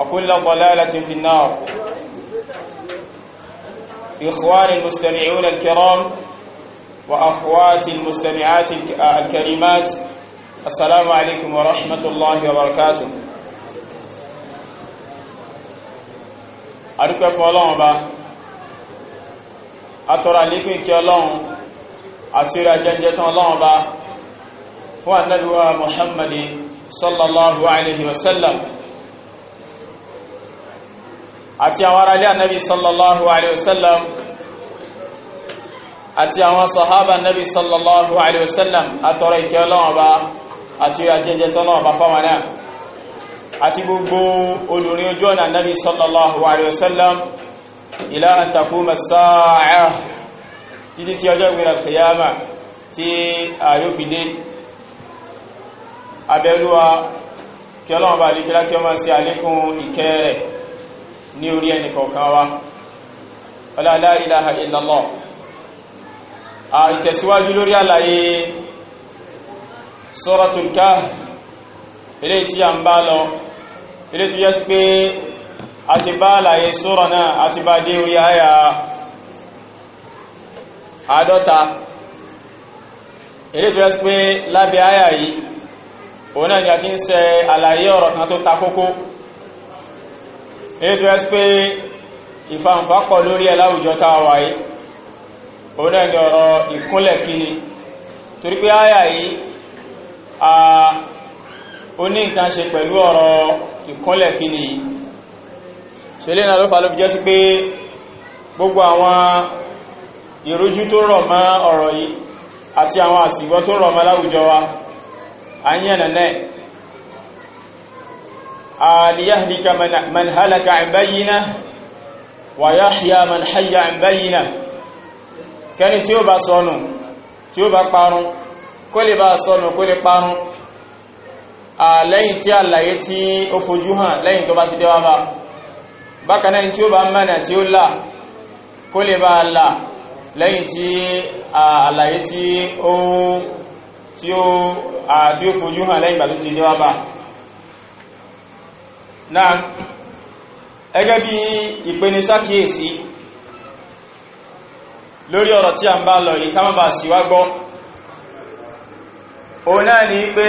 وكل ضلالة في النار إخواني المستمعون الكرام وأخواتي المستمعات الكريمات السلام عليكم ورحمة الله وبركاته أدوك فالله با أترى لكم كالله أترى جنجة الله با فأنا محمد صلى الله عليه وسلم àti àwọn ará ilé ànábì sallallahu alayhi wa sallam àti àwọn sọ̀hábà ànábì sallallahu alayhi wa sallam àtọrọ ìkẹ́ ọlọ́wọ́n bá àti àjẹjẹ tọ́lọ́wọ́n bá fáwọn náà àti gbogbo olùrin ojú ọ̀nà ànábì sallallahu alayhi wa sallam ila an taquma as-sa'a títí tí ní orí ẹni kọ̀ọ̀kan wa la ilaha illallah a ìtẹ̀síwájú lórí àlàyé suratul kahf ilé tí a ń bá lọ ilé tí yẹ́ sí pé a ti bá àlàyé sura náà a ti bá dé orí àyà àádọ́ta ilé tí yẹ́ sí pé lábẹ́ àyà yìí òun náà ni a ti ń ṣe àlàyé ọ̀rọ̀ kan tó ta kókó èyí tó ẹ́sì pé ìfàǹfà pọ̀ lórí ẹ̀ láwùjọ tá a wà yìí òun náà ni ọ̀rọ̀ ìkúnlẹ̀ kiri torí pé àyà yìí a ó ní nǹkan ṣe pẹ̀lú ọ̀rọ̀ ìkúnlẹ̀ kiri ṣẹlẹ̀ náà ló fà ló fi jẹ́ sí pé gbogbo àwọn ìrújú tó rọ̀ mọ́ ọ̀rọ̀ yìí àti àwọn àsìgbọ́ tó rọ̀ mọ́ láwùjọ wa à ń yànnà náà ليهلك من, من هلك عن بينه ويحيى من حي عن بينه kẹ́ni tí ó bá sọnù tí ó bá parun kó lè bá sọnù kó lè parun lẹ́yìn tí àlàyé tí ó fojú hàn lẹ́yìn tó bá ti déwá bá bákan tí ó bá mẹ́nà tí ó là kó lè bá là lẹ́yìn tí àlàyé tí ó fojú hàn lẹ́yìn bá tó ti déwá bá náà ẹgẹ́ bí ìpenisákíyèsí lórí ọ̀rọ̀ tí a ń bá lọ yìí ká má sí wá gbọ́ náà ni pé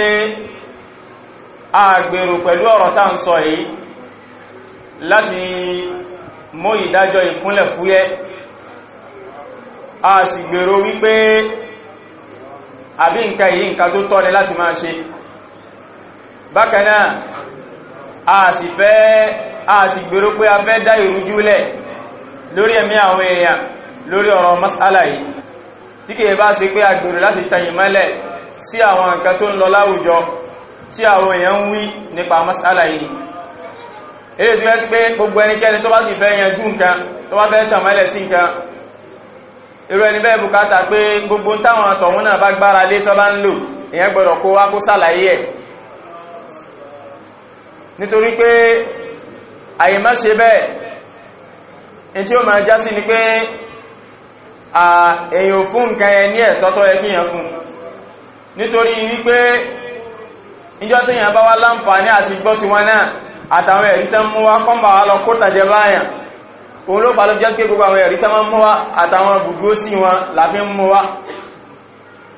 a gbèrò pẹ̀lú ọ̀rọ̀ tá ń sọ yìí láti mú ìdájọ́ ìkúnlẹ̀ fúyẹ́ a sì gbèrò wípé àbí nǹkan yìí nǹkan tó tọ́ láti máa ṣe bákan a sì fẹ́ a sì gbèrò pé a fẹ́ dá ìrújú lẹ̀ lórí ẹ̀mí àwọn èèyàn lórí ọ̀rọ̀ masala yìí tí kìí bá ṣe pé a gbèrò láti tayìn mọ́lẹ̀ sí àwọn nǹkan tó ń lọ láwùjọ tí àwọn èèyàn ń wí nípa masala yìí èyí tó fẹ́ sí pé gbogbo ẹnikẹ́ni tó bá sì fẹ́ yanjú nǹkan tó bá fẹ́ tàmọ́lẹ̀ sí nǹkan irú ẹni bẹ́ẹ̀ bùkátà pé gbogbo táwọn àtọ̀hún náà bá gbára lé tó ń lò èèyàn gbọ́dọ̀ kó wá kó sàlàyé ẹ̀ nítorí pé àyèmá ṣe bẹ́ẹ̀ in tí ó máa já sí ni pé à èyàn fún nǹkan ẹ ní ẹ̀tọ́tọ́ ẹ kíyàn fún nítorí wípé ìjọ́ tí èyàn bá wá láǹfààní àti gbọ́ ti wọn náà àtàwọn ẹ̀rí tán mú wá kọ́mbà wá lọ kó tàjẹ báyàn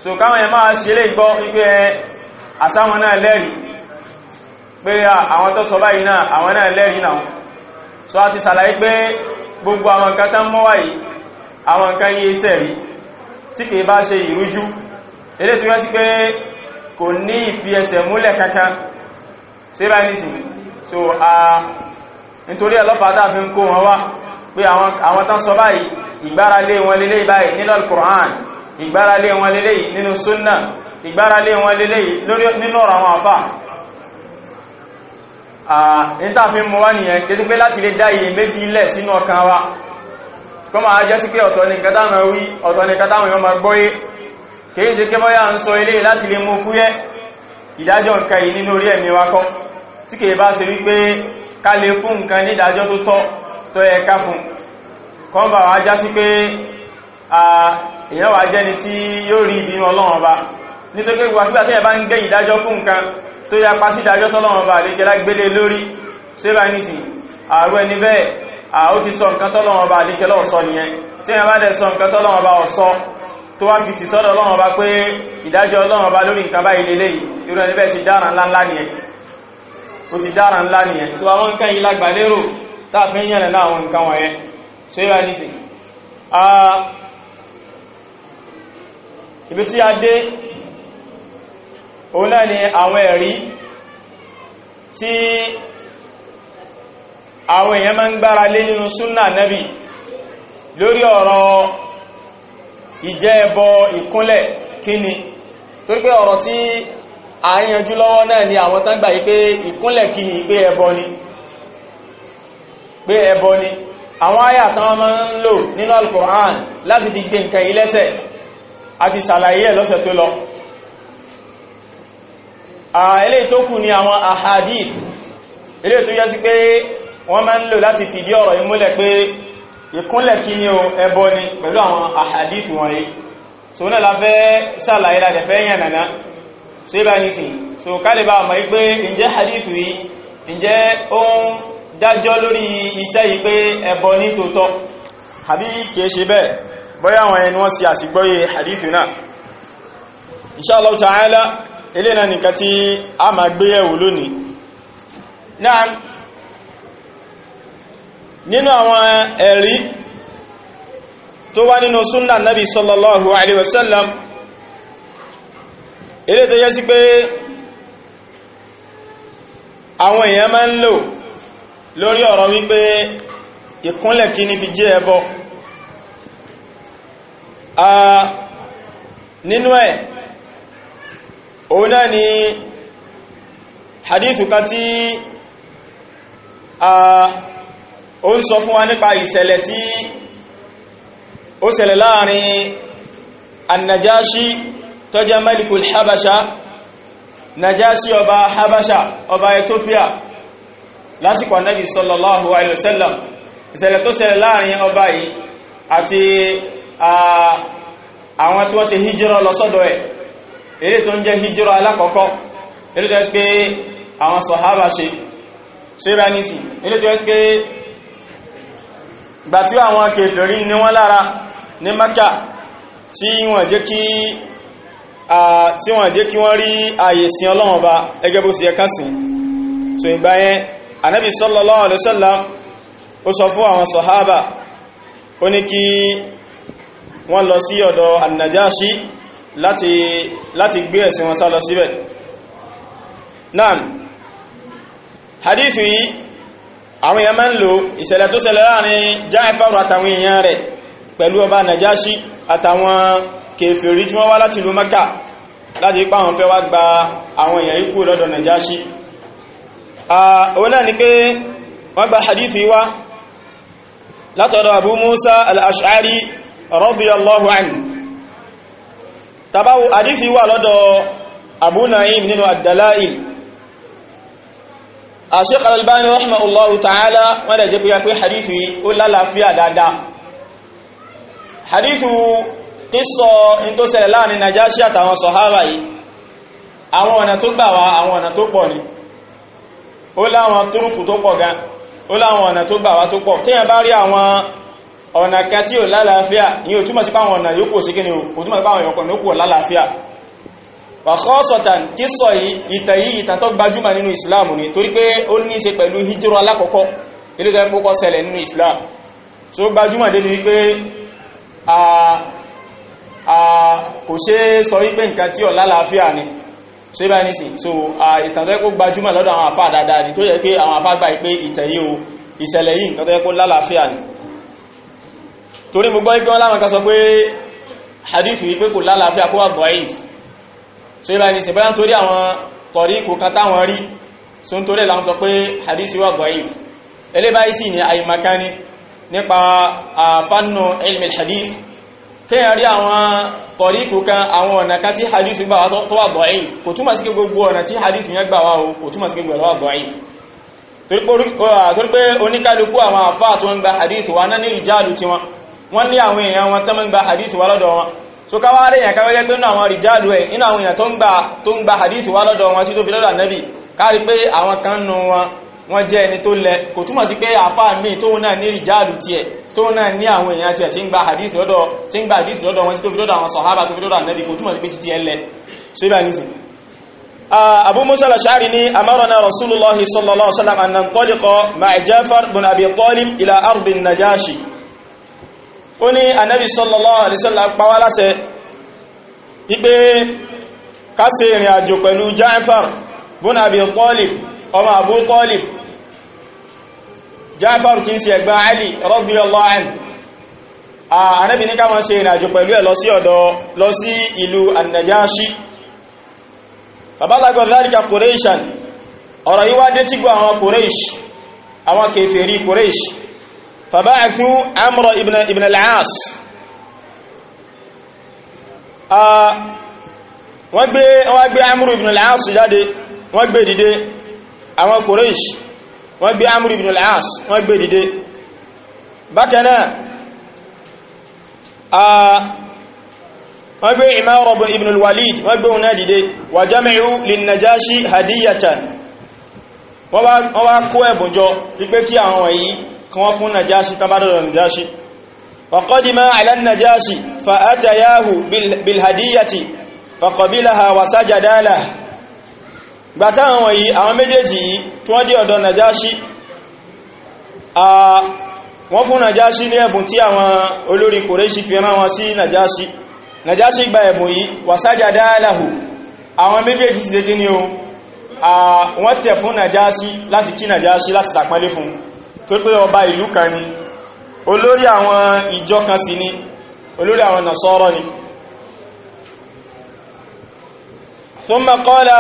so káwọn ẹ̀ máa sí ilé ìgbọ́ wípé pé àwọn tó sọ báyìí náà àwọn náà lẹ́rìí náà so a ti sàlàyé pé gbogbo àwọn nǹkan tán mọ́ wáyìí àwọn nǹkan yí iṣẹ́ rí tí kìí bá ṣe ìrújú lédè tó yẹ sí pé kò ní ìfi ẹsẹ̀ múlẹ̀ kankan ṣe bá a nítorí ọlọ́pàá tá fi ń kó wọn wá pé àwọn tán sọ báyìí ìgbáralé nínú al-Qur'an ìgbáralé wọn lélẹ́ nínú sunna ìgbáralé wọn lélẹ́ nínú ọ̀rọ̀ àwọn àfáà ìntàfin mọ́ wá nìyẹn kìí sí pé láti lè dá iye méjì ilẹ̀ sínú ọkàn wa kọ́ máa sí pé ọ̀tọ̀ ní kátà wí ọ̀tọ̀ ní kátà wọn gbọ́yé kìí sí pé ń sọ ilé láti lè mú fúyẹ́ ìdájọ́ nǹkan yìí nínú orí ẹ̀mí wa kọ́ tí bá ṣe wípé ká fún ní ìdájọ́ tó tọ́ fún tó yá pa sí ìdájọ́ tọ́lọ́wọ́n bá àlékẹ́lá gbélé e lórí tó yá ní sí ààrùn ẹni bẹ́ẹ̀ àó ti sọ nǹkan tọ́lọ́wọ́n bá àlékẹ́lá ọ̀sọ́ nìyẹn tí yẹn bá dẹ̀ sọ nǹkan tọ́lọ́wọ́n bá ọ̀sọ́ tó wá fìtì sọ́dọ̀ ọlọ́wọ́n bá pé ìdájọ́ ọlọ́wọ́n bá lórí nǹkan báyìí lélẹ̀ yìí irú ẹni bẹ́ẹ̀ ti dára ńlá ńlá nìyẹn ó ti dára ńlá nìyẹn so àwọn nǹkan yìí lágbà lérò táàfin yẹn náà àwọn nǹkan wọ̀nyẹn so yíra ní sí ibi tí a dé òun náà ni àwọn ẹ̀rí tí àwọn èèyàn máa ń gbára lé nínú súnnà nẹ́bì lórí ọ̀rọ̀ ìjẹ́ ẹbọ ìkúnlẹ̀ kíni torí pé ọ̀rọ̀ tí a yanjú lọ́wọ́ náà ni àwọn tán gbà yí pé ìkúnlẹ̀ kíni pé ẹbọ ni pé ẹbọ ni àwọn àyà tán máa ń lò nínú Al-Qur'an láti fi gbé nǹkan ilẹ́sẹ̀ àti sàlàyé ẹ̀ lọ́sẹ̀ tó lọ eléyìí tó kù ni àwọn ahadith eléyìí tó yẹ sí pé wọ́n máa ń lò láti fìdí ọ̀rọ̀ yìí múlẹ̀ pé ìkúnlẹ̀ kí ni o ẹbọ ni pẹ̀lú àwọn ahadith wọ̀nyí so náà láfẹ́ sàlàyé láti fẹ́ yàn nàná so ibà ní sìn so kálíbà mọ̀ pé ǹjẹ́ hadith yìí ǹjẹ́ ó ń dájọ́ lórí iṣẹ́ yìí pé ẹbọ ní tòótọ́ àbí kìí ṣe bẹ́ẹ̀ bóyá àwọn ẹni wọ́n sì àsìgbọ́yé hadith náà inshallah ta'ala ilé na nìkan tí a máa gbé yẹ̀wò lónìí náà nínú àwọn ẹ̀rí tó wá nínú súnnà nábi sallallahu alaihi wasallam ilé tó yẹ sí pé àwọn èèyàn máa ń lò lórí ọ̀rọ̀ wípé ìkúnlẹ̀ kí ní fi jẹ́ ẹbọ ah, nínú ẹ̀ òun náà ni hadithu kan tí ó ń sọ fún wa nípa ìṣẹ̀lẹ̀ tí ó ṣẹlẹ̀ láàrin annajashi tó malikul habasha najashi ọba habasha ọba ethiopia lásìkò annabi sallallahu alaihi wasallam ìṣẹ̀lẹ̀ tó ṣẹlẹ̀ láàrin ọba yìí àti àwọn tí wọ́n ṣe hijira lọ sọ́dọ̀ ẹ̀ eré tó ń jẹ́ hijira alákọ̀ọ́kọ́ eré tó yẹ́ pé àwọn sọ̀hábà ṣe ṣe bá ní sí eré tó yẹ́ pé gbà tí àwọn kèfèrí ní wọ́n lára ní Mákà tí wọ́n jẹ́ kí tí wọ́n jẹ́ kí wọ́n rí ààyè sin Ọlọ́run Ọba ẹgẹ́ bó sì yẹ kán sìn ìgbà yẹn Ànábì sallallahu láti láti gbé ẹ̀sìn wọn sá lọ síbẹ̀ náà hadithu yìí àwọn èèyàn mẹ́ ń lò ìṣẹ̀lẹ̀ tó ṣẹlẹ̀ láàrin Ja'faru àtàwọn èèyàn rẹ̀ pẹ̀lú ọba Najashi àtàwọn kèfèrí tí wọ́n wá láti ìlú Mẹ́kà láti ipá àwọn fẹ́ wá gba àwọn èèyàn ikú lọ́dọ̀ Najashi òun náà ni pé wọ́n gba hadithu yìí wá látọ̀dọ̀ Abu Musa al-Ash'ari radiyallahu anhu tabawo àdífi wà lọ́dọ̀ Abu Naim nínú ad-Dalail Sheikh Al-Albani rahimahullahu ta'ala wọ́n dẹ̀ jẹ́ pé ya pé hadithi ó lálàáfíà dáadáa hadithu tí sọ in tó ṣẹlẹ̀ láàrin Najashi àtàwọn sọ̀hára yìí àwọn ọ̀nà tó gbà wá àwọn ọ̀nà tó pọ̀ ni ó láwọn túrùkù tó pọ̀ gan ó láwọn ọ̀nà tó gbà wá tó pọ̀ tí yẹn bá rí àwọn ọ̀nà kan tí ò lálàáfíà ní o túmọ̀ sí páwọn ọ̀nà yóò kò sí kíni o túmọ̀ sí páwọn ọ̀nà yóò kò lálàáfíà wàkọ́sọ̀tàn kí sọ ìtàn ni torí pé ó ní í ṣe pẹ̀lú hijiro alákọ̀ọ́kọ́ ilé tó so gbajúmọ̀ débi wípé kò ṣe sọ wípé nǹkan tí ò lálàáfíà ni so ibà so ìtàn tó ń kó gbajúmọ̀ lọ́dọ̀ àwọn àfáà dáadáa ni tó yẹ pé àwọn àfáà gbà pé ìtàn yìí o ìṣẹ̀lẹ̀ yìí nǹkan kó lálàáfíà ni torí mo gbọ́ ikú wọn láwọn kan sọ pé hadith wípé kò lálàáfíà kó wà bọ̀ẹ́f so ibà ní ìsìnbáyá torí àwọn tọ̀rí kò kan táwọn rí so ń torí láwọn sọ pé hadith wà bọ̀ẹ́f eléba ni àìmakani nípa àfánù ilmi hadith kéèyàn rí àwọn tọ̀rí kò kan àwọn ọ̀nà kan tí hadith gbà wá tó wà bọ̀ẹ́f kò túmọ̀ sí gbogbo ọ̀nà tí hadith yẹn gbà wá o kò túmọ̀ sí gbogbo ọ̀nà wà torí pé oníkálukú àwọn àfáà tó ń gba hadith wa náà ní ìjáàlú tiwọn wọ́n ní àwọn èèyàn wọn tán mọ́ ń gba hadith wá lọ́dọ̀ wọn so ká wá rí èèyàn káwẹ́ jẹ́ pé nínú àwọn rìjáàlù ẹ̀ nínú àwọn èèyàn tó ń gba hadith wá lọ́dọ̀ wọn tí tó fi lọ́dọ̀ ànábì kárí pé àwọn kan nù wọn wọ́n jẹ́ ẹni tó lẹ kò túmọ̀ sí pé àfáà míì tóun náà ní rìjáàlù tiẹ̀ tóun náà ní àwọn èèyàn tiẹ̀ tí ń gba hadith lọ́dọ̀ tí ń gba hadith lọ́dọ̀ wọn tí tó fi lọ́dọ̀ àwọn sàhábà tó fi lọ́dọ̀ ànábì kò túmọ̀ sí pé títí ẹ lẹ so ibà nísìn abu musa al-ash'ari ni amarana rasulullah sallallahu alaihi wasallam an nantaliqa ma'a jafar bin abi talib ila ardi najashi ó ní anabi sallallahu alaihi wasallam pa wá láṣẹ wípé ká ṣe ìrìn àjò pẹ̀lú Ja'far bun Abi Talib ọmọ Abu Talib Ja'far tí ń ṣe ẹ̀gbọ́n Ali radiyallahu anhu ànábì ní ká máa ṣe ìrìnàjò pẹ̀lú ẹ̀ lọ sí ọ̀dọ̀ lọ àwọn kèfèrí Quraish fàbáàfú amúrọ̀ ibn al-aas wọ́n gbé wọ́n gbé amúrọ̀ ibn al-aas jáde wọ́n gbé dìde àwọn Quraysh wọ́n gbé amúrọ̀ ibn al-aas wọ́n gbé dìde bákan náà wọ́n gbé ìmọ̀ ibn al-walid wọ́n gbé òun dìde wà jami'u lin-najashi hadiyatan wọ́n wá kó ẹ̀bùn wípé kí àwọn wọ̀nyí kí wọ́n fún najashi tán bá dọ̀dọ̀ najashi فقدم على النجاشي فأتياه بالهدية فقبلها وسجد له gbàtà àwọn yìí àwọn méjèèjì yìí tí wọ́n dé ọ̀dọ̀ nàjáṣí wọ́n fún nàjáṣí ní ẹ̀bùn tí àwọn olórí Kùrẹ́ṣì fi rán wọn sí nàjáṣí nàjáṣí gba ẹ̀bùn yìí wàsájà dáàláhù àwọn méjèèjì ti ṣe kí ni o wọ́n tẹ̀ fún nàjáṣí láti kí nàjáṣí láti sàpánlé fún tó pé ọba ìlú kan ni olórí àwọn ìjọ kan sì ni olórí àwọn nasọ́rọ̀ ni thumma qala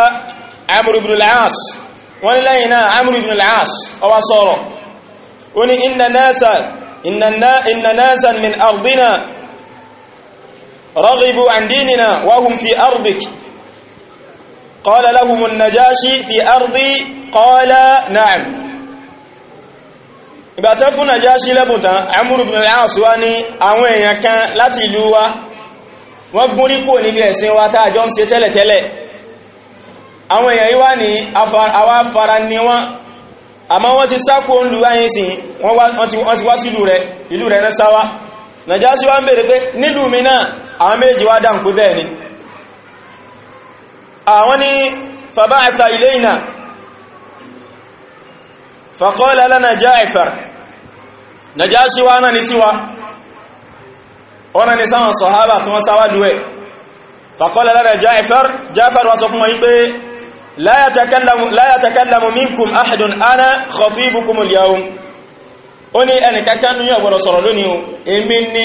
amru ibn al-aas wọ́n lẹ́yìn náà amru ibn al-aas ó ó ní inna min ardina رغبوا عن ديننا وهم في أرضك قال لهم النجاشي في أرضي قال نعم ìgbàtán fún Najashi lẹ́bùn tán Amr ibn wá ní àwọn èèyàn kan láti ìlú wa wọ́n gúnrí kò níbi ẹ̀sìn wa tá àjọ ń ṣe tẹ́lẹ̀tẹ́lẹ̀ àwọn èèyàn yíwá àwa fara ní wọ́n àmọ́ wọ́n ti sákò ń lu báyìí si wọ́n ti wá sí ìlú rẹ̀ mi àwọn Najashi wa náà ní síwá wọ́n náà ní sáwọn sọ̀hábà tí wọ́n sáwá lúwẹ̀ fàkọ́lẹ̀ lára Ja'far Ja'far wa sọ fún wọ́n pé la yatakallamu la yatakallamu minkum ahadun ana khatibukum al-yawm ó ní ẹnìkankan ní ọ̀gbọ̀dọ̀ sọ̀rọ̀ lónìí o èmi ní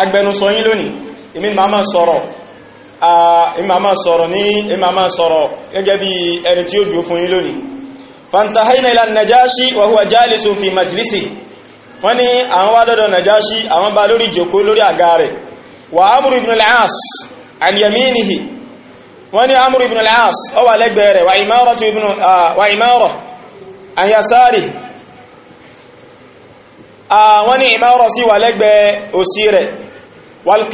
agbẹnusọ yín lónìí èmi máa máa sọ̀rọ̀ èmi máa máa sọ̀rọ̀ ní èmi máa máa sọ̀rọ̀ gẹ́gẹ́ bí ẹni tí ó dúró fún yín fantahayna ila Najashi wa huwa jalisun fi majlisi wọ́n ní àwọn wá dọ́dọ̀ Najashi àwọn bá lórí ìjòkó lórí àga rẹ̀ wà Amru ibn al-As an yaminihi wọ́n ní Amru ibn al-As ó wà lẹ́gbẹ̀ẹ́ rẹ̀ wà Imara an wọ́n ní Imara sí wà lẹ́gbẹ̀ẹ́ òsì rẹ̀ wal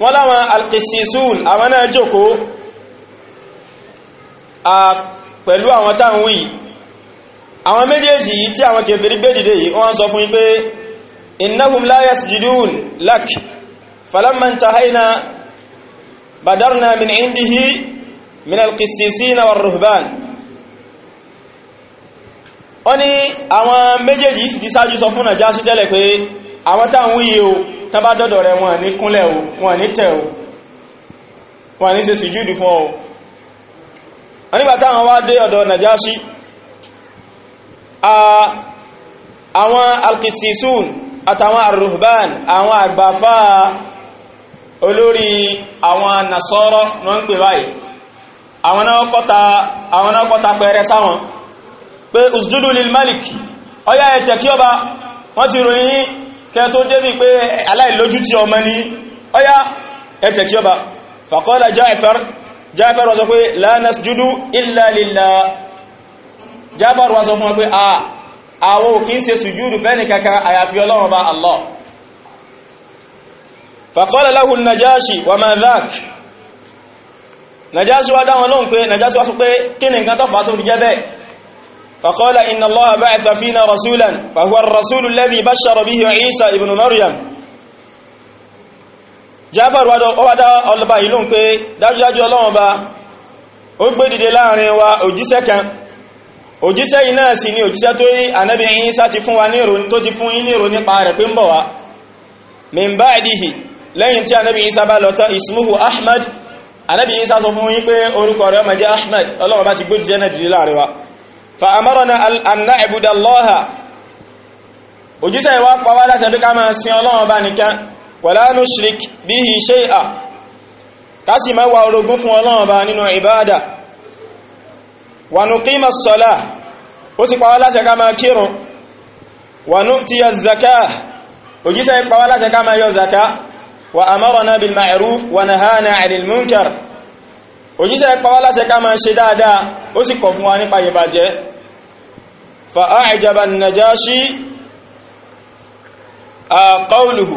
wọ́n láwọn alkisisun àwọn náà jòkó pẹ̀lú àwọn táwọn wí àwọn méjèèjì yìí tí àwọn kèfèrí gbé dìde yìí wọ́n sọ fún yí pé innahum la yasjidun lak falamma intahayna badarna min indihi min alkisisina war ruhban wọ́n ní àwọn méjèèjì ti sáájú sọ fún nàjásí tẹ́lẹ̀ pé àwọn táwọn wí yìí o tábá dọ́dọ̀ rẹ̀ wọn ní kúnlẹ̀ o wọn ní tẹ̀ o wọn ní ṣe sùjúdù fún ọ wọn nígbà táwọn wá dé ọ̀dọ̀ Najashi àwọn alkisisun àtàwọn arruhban àwọn àgbàfà olórí àwọn nasọ́rọ́ ní wọ́n ń pè báyìí àwọn náà pẹ̀rẹ sáwọn pé usjudu lil malik ọya ẹ̀tẹ̀ kí ọba wọ́n ti ròyìn kẹ tó débi pé aláìlójútì ọmọ ní ọya ẹ̀tẹ̀ kí ọba fàkọ́lá jáfẹ́r jáfẹ́r wọ́n sọ pé la nasjudu illa lillah jáfẹ́r wọ́n sọ fún wọn pé a àwọ kì í ṣe sùjúdù fẹ́ni kankan àyàfi ọlọ́run bá فقال إن الله بعث فينا رسولا فهو الرسول الذي بشر به عيسى ابن مريم Jafar wádá ọlọ́bá ìlú ń pé dájúdájú Ọlọ́run bá ó gbé dìde láàrin wa òjíṣẹ́ kan òjíṣẹ́ iná sí ni òjíṣẹ́ tó yí ànábì Ìsá ti fún wa ní ìròyìn tó ti fún yí ní ìròyìn nípa rẹ̀ pé ń bọ̀ wá min ba'dihi lẹ́yìn tí ànábì Ìsá bá lọ tán ismuhu Ahmad ànábì Ìsá sọ fún yí pé orúkọ rẹ̀ ó máa jẹ́ Ahmad Ọlọ́run bá ti gbé dìde náà dìde láàrin wa فأمرنا أن نعبد الله òjíṣẹ́ ìwà pàwà láti ẹ̀bí ká máa sin ọlọ́run bá nìkan wala nushrik bihi shay'a ká sì máa wà orogún fún ọlọ́run bá nínú ìbáadà wa nuqima as-salah ó sì pàwà láti ká máa kírun wa nu'tiya az-zakah òjíṣẹ́ ìpàwà láti ká máa yọ zaka wa òjíṣẹ́ pa wá láṣẹ ká máa ṣe dáadáa ó sì kọ̀ fún wa nípa ìbàjẹ́ fa a'jaba an-Najashi qawluhu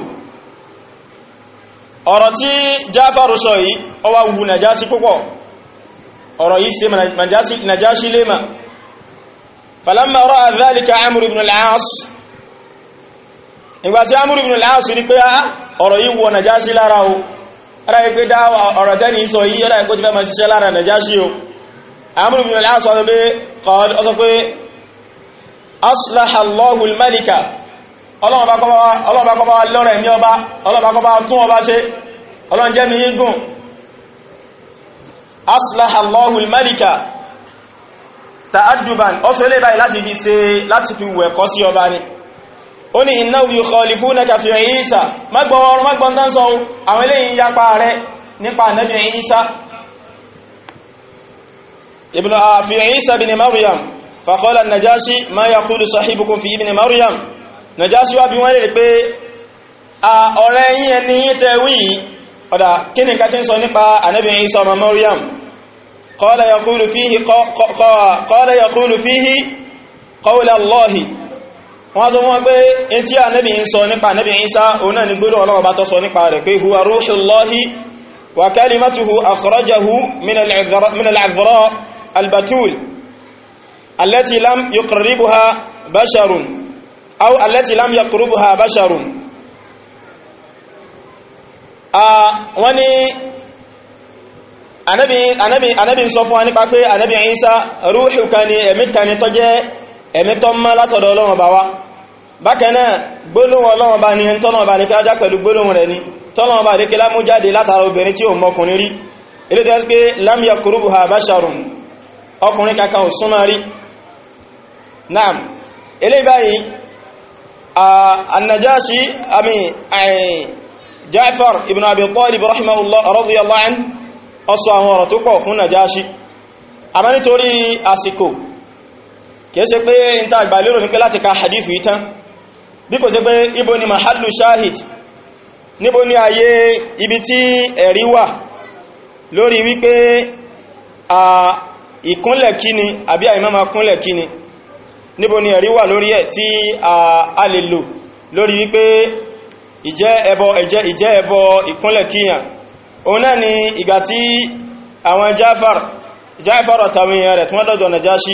ọ̀rọ̀ tí Jáfàrù sọ yìí ó wá wu Najashi púpọ̀ ọ̀rọ̀ yìí ṣe Najashi lema falamma ra'a dhalika Amr ibn al-As ọ̀rọ̀ ìpé dá ọ̀rọ̀ tẹ́ ní sọ yìí ọ̀rọ̀ ìpé ti fẹ́ ma ṣiṣẹ́ lára Nàjáṣì o àmúrù bí wọ́n sọ pé ọsọ pé aslahallahu almalika ọlọ́run lọ́rẹ̀ ní ọba ọlọ́run bá tún ọba ṣe ọlọ́run ọsọ ó ní innahu yukhalifūnaka fī Īsā mọ́gbọ̀n mọ́gbọ̀n tán sọ àwọn eléyìí yapa rẹ̀ nípa ànábì Īsā ibn ah, fi Īsā bin Maryam faqāla an-Najāshī mā yaqūlu ṣaḥibukum fī ibn Maryam Najāshī wá bí wọ́n lè pé ọ̀rẹ́ yín ẹni yín tẹ́wì ọ̀dà kí ni kàtí ń sọ nípa ànábì Īsā ọmọ Maryam qāla yaqūlu fīhi qāla yaqūlu fīhi wọ́n sọ fún wọn pé in tí ànábì ń sọ nípa ànábì Ìsá òun náà ni gbọ́dọ̀ Ọlọ́run bá tọ́ sọ nípa rẹ̀ pé huwa ruhullahi wa kalimatuhu akhrajahu min al-'adhra al-batul allati lam yuqarribuha basharun aw allati lam yaqrubuha basharun a wọ́n ẹ̀mí tó mọ́ látọ̀dọ̀ ọlọ́run ọba wá bákan náà gbólóhùn ọlọ́run ọba ni ẹni tọ́lọ́run ọba ní kájá pẹ̀lú gbólóhùn rẹ̀ ni tọ́lọ́run ọba lékelá mú jáde látara obìnrin tí ò mọkùnrin rí ilé tó yẹ pé lam yakurubuha basharun ọkùnrin kankan ò súnmọ́ rí naam eléyìí báyìí an àmì Ja'far ibn Abi Talib rahimahullah radiyallahu anhu ó sọ àwọn ọ̀rọ̀ tó pọ̀ fún Najashi àmọ́ nítorí àsìkò kìí ṣe pé n ta àgbàlérò ní pé láti ka hadith yìí bí kò ṣe pé ibo ni mahalu shahid níbo ni ayé ibi tí ẹ̀rí wà lórí wípé a ìkúnlẹ̀ kíni àbí àìmọ́mà kúnlẹ̀ kíni níbo ni ẹ̀rí wà lórí ẹ̀ tí a lè lò lórí wípé ìjẹ́ ẹbọ ìjẹ́ ìjẹ́ ẹbọ ìkúnlẹ̀ kíyàn òun náà ni ìgbà tí àwọn Jáfàr Jáfàr àtàwọn rẹ̀ tí wọ́n dọ̀jọ̀ Nàjáṣí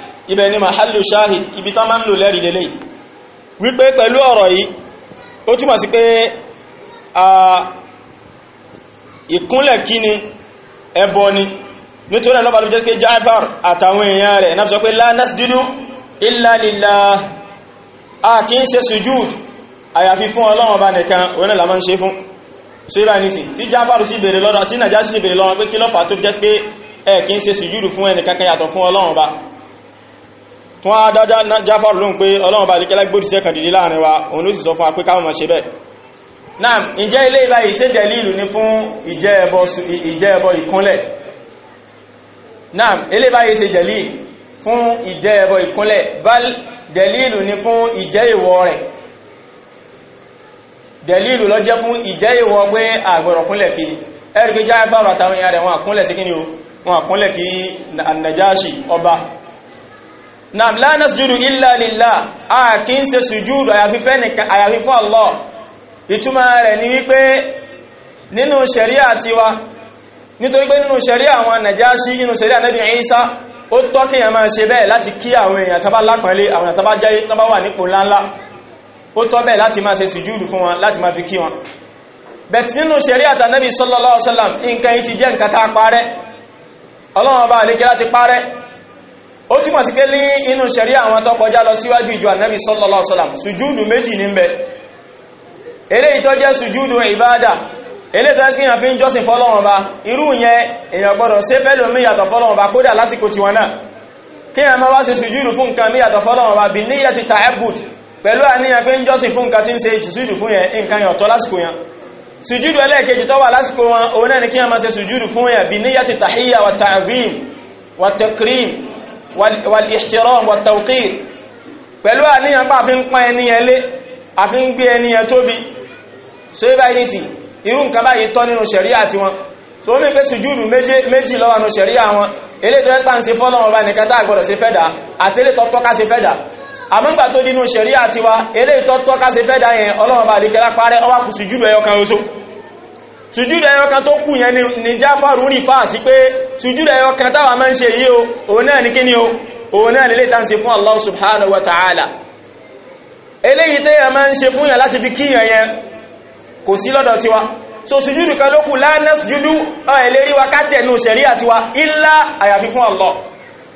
ibẹ̀ ni mahallu shahid ibi tán máa ń lò lẹ́rì lélẹ̀ wípé pẹ̀lú ọ̀rọ̀ yìí ó túmọ̀ sí pé ìkúnlẹ̀ kí ni ẹbọ ni nítorí ẹ̀lọ́bà ló jẹ́ pé Ja'far àtàwọn èèyàn rẹ̀ náà sọ pé la nasjudu illa lillah a kì í ṣe sujúd àyàfi fún Ọlọ́run ọba nìkan orílẹ̀ la máa ń ṣe fún ṣíra nìsìn tí Ja'far sì bèèrè lọ́dọ̀ tí Nàjàsí sì bèèrè lọ́wọ́ pé kí ló tó jẹ́ pé ẹ kì í ṣe sujúd fún ẹnìkankan yàtọ̀ fún Ọlọ́run ọba wọ́n á dájá jáfàrù lóhun pé ọlọ́run bá dékẹ́lá gbódìsẹ́ kan dìde láàrin wa òun ló sì sọ fún wa pé káwọn máa ṣe bẹ́ẹ̀ náà ǹjẹ́ ilé ìlà ìṣẹ́jẹ̀ lílù ní fún ìjẹ́ ẹbọ ìkúnlẹ̀ náà ilé ìlà ìṣẹ́jẹ̀ lílù fún ìjẹ́ ẹbọ ìkúnlẹ̀ bal dẹ̀lílù ní fún ìjẹ́ ìwọ rẹ̀ dẹ̀lílù lọ jẹ́ fún ìjẹ́ jáfàrù àtàwọn èèyàn wọn àkúnlẹ̀ sí kí ni o wọn àkúnlẹ̀ kí Nàjáṣì ọba nam la nasjudu illa lillah a kì í ṣe sùjúdù àyàfi fẹ́nìkan àyàfi fún Allah ìtumọ̀ rẹ̀ ni wípé nínú ṣẹ̀ríà tiwa nítorí pé nínú ṣẹ̀ríà àwọn Nàjáṣì nínú ṣẹ̀ríà Nábì Ìsá ó tọ́ kí èèyàn máa ṣe bẹ́ẹ̀ láti kí àwọn èèyàn tàbá lápẹ̀lẹ̀ àwọn èèyàn tàbá jẹ́ tàbá wà nípò ńláńlá ó tọ́ bẹ́ẹ̀ láti máa ṣe sùjúdù fún wọn láti máa fi kí wọn bẹ̀tì nínú ṣẹ̀ríà tà Nábì sallallahu alaihi wasallam nǹkan yìí ti jẹ́ nǹkan tá a parẹ́ Ọlọ́run ọba àlékẹ́ láti parẹ́ ó túmọ̀ sí pé ní inú ṣẹ̀rí àwọn tó kọjá lọ síwájú ìjọ ànábì sallallahu alaihi wasallam sùjúdù méjì ní bẹ eléyìí tó jẹ́ sùjúdù ìbádà eléyìí tó ẹ́sìkìyàn fi ń jọ́sìn fọ́lọ́wọ́n ba irú yẹn èèyàn gbọ́dọ̀ ṣe fẹ́lò mí yàtọ̀ fọ́lọ́wọ́n ba kódà lásìkò tí wọn náà kí èèyàn máa wá ṣe sùjúdù fún nǹkan mí yàtọ̀ fọ́lọ́wọ́n ba bí níyà ti ta'abbud pẹ̀lú àníyàn ni kí èèyàn máa ṣe sùjúdù fún yẹn bí níyà ti wa ta'zim wal-ihtiram wat-tawqir pẹ̀lú àníyàn pà fi ń pọ́n ẹni yẹn lé a fi ń gbé ẹni yẹn tóbi so yíba yìí nìsí irú nǹkan báyìí tọ́ nínú ṣẹ̀ríà tiwọn so omi pé sùjúdù méjì lọ́wọ́ nínú ṣẹ̀ríà wọn eléyìí tó ẹ́pà ń ṣe fọ́lọ́wọ́ bá nìkan tá àgbọ̀dọ̀ ṣe fẹ́dà àti sùjúdù ẹyọkan tó kù yẹn ni jáfàrú rí fáà sí pé sùjúdù ẹyọkan táwa máa ń ṣe yí o òun náà ní kí ni o òun náà lè tàn sí fún Allah subhanahu wa ta'ala eléyìí tẹ́yà máa ń ṣe fún yà láti bí kíyàn yẹn kò sí lọ́dọ̀ tiwa so sùjúdù kan ló kù la nasjudu ẹ̀lérí wa illa àyàfi Allah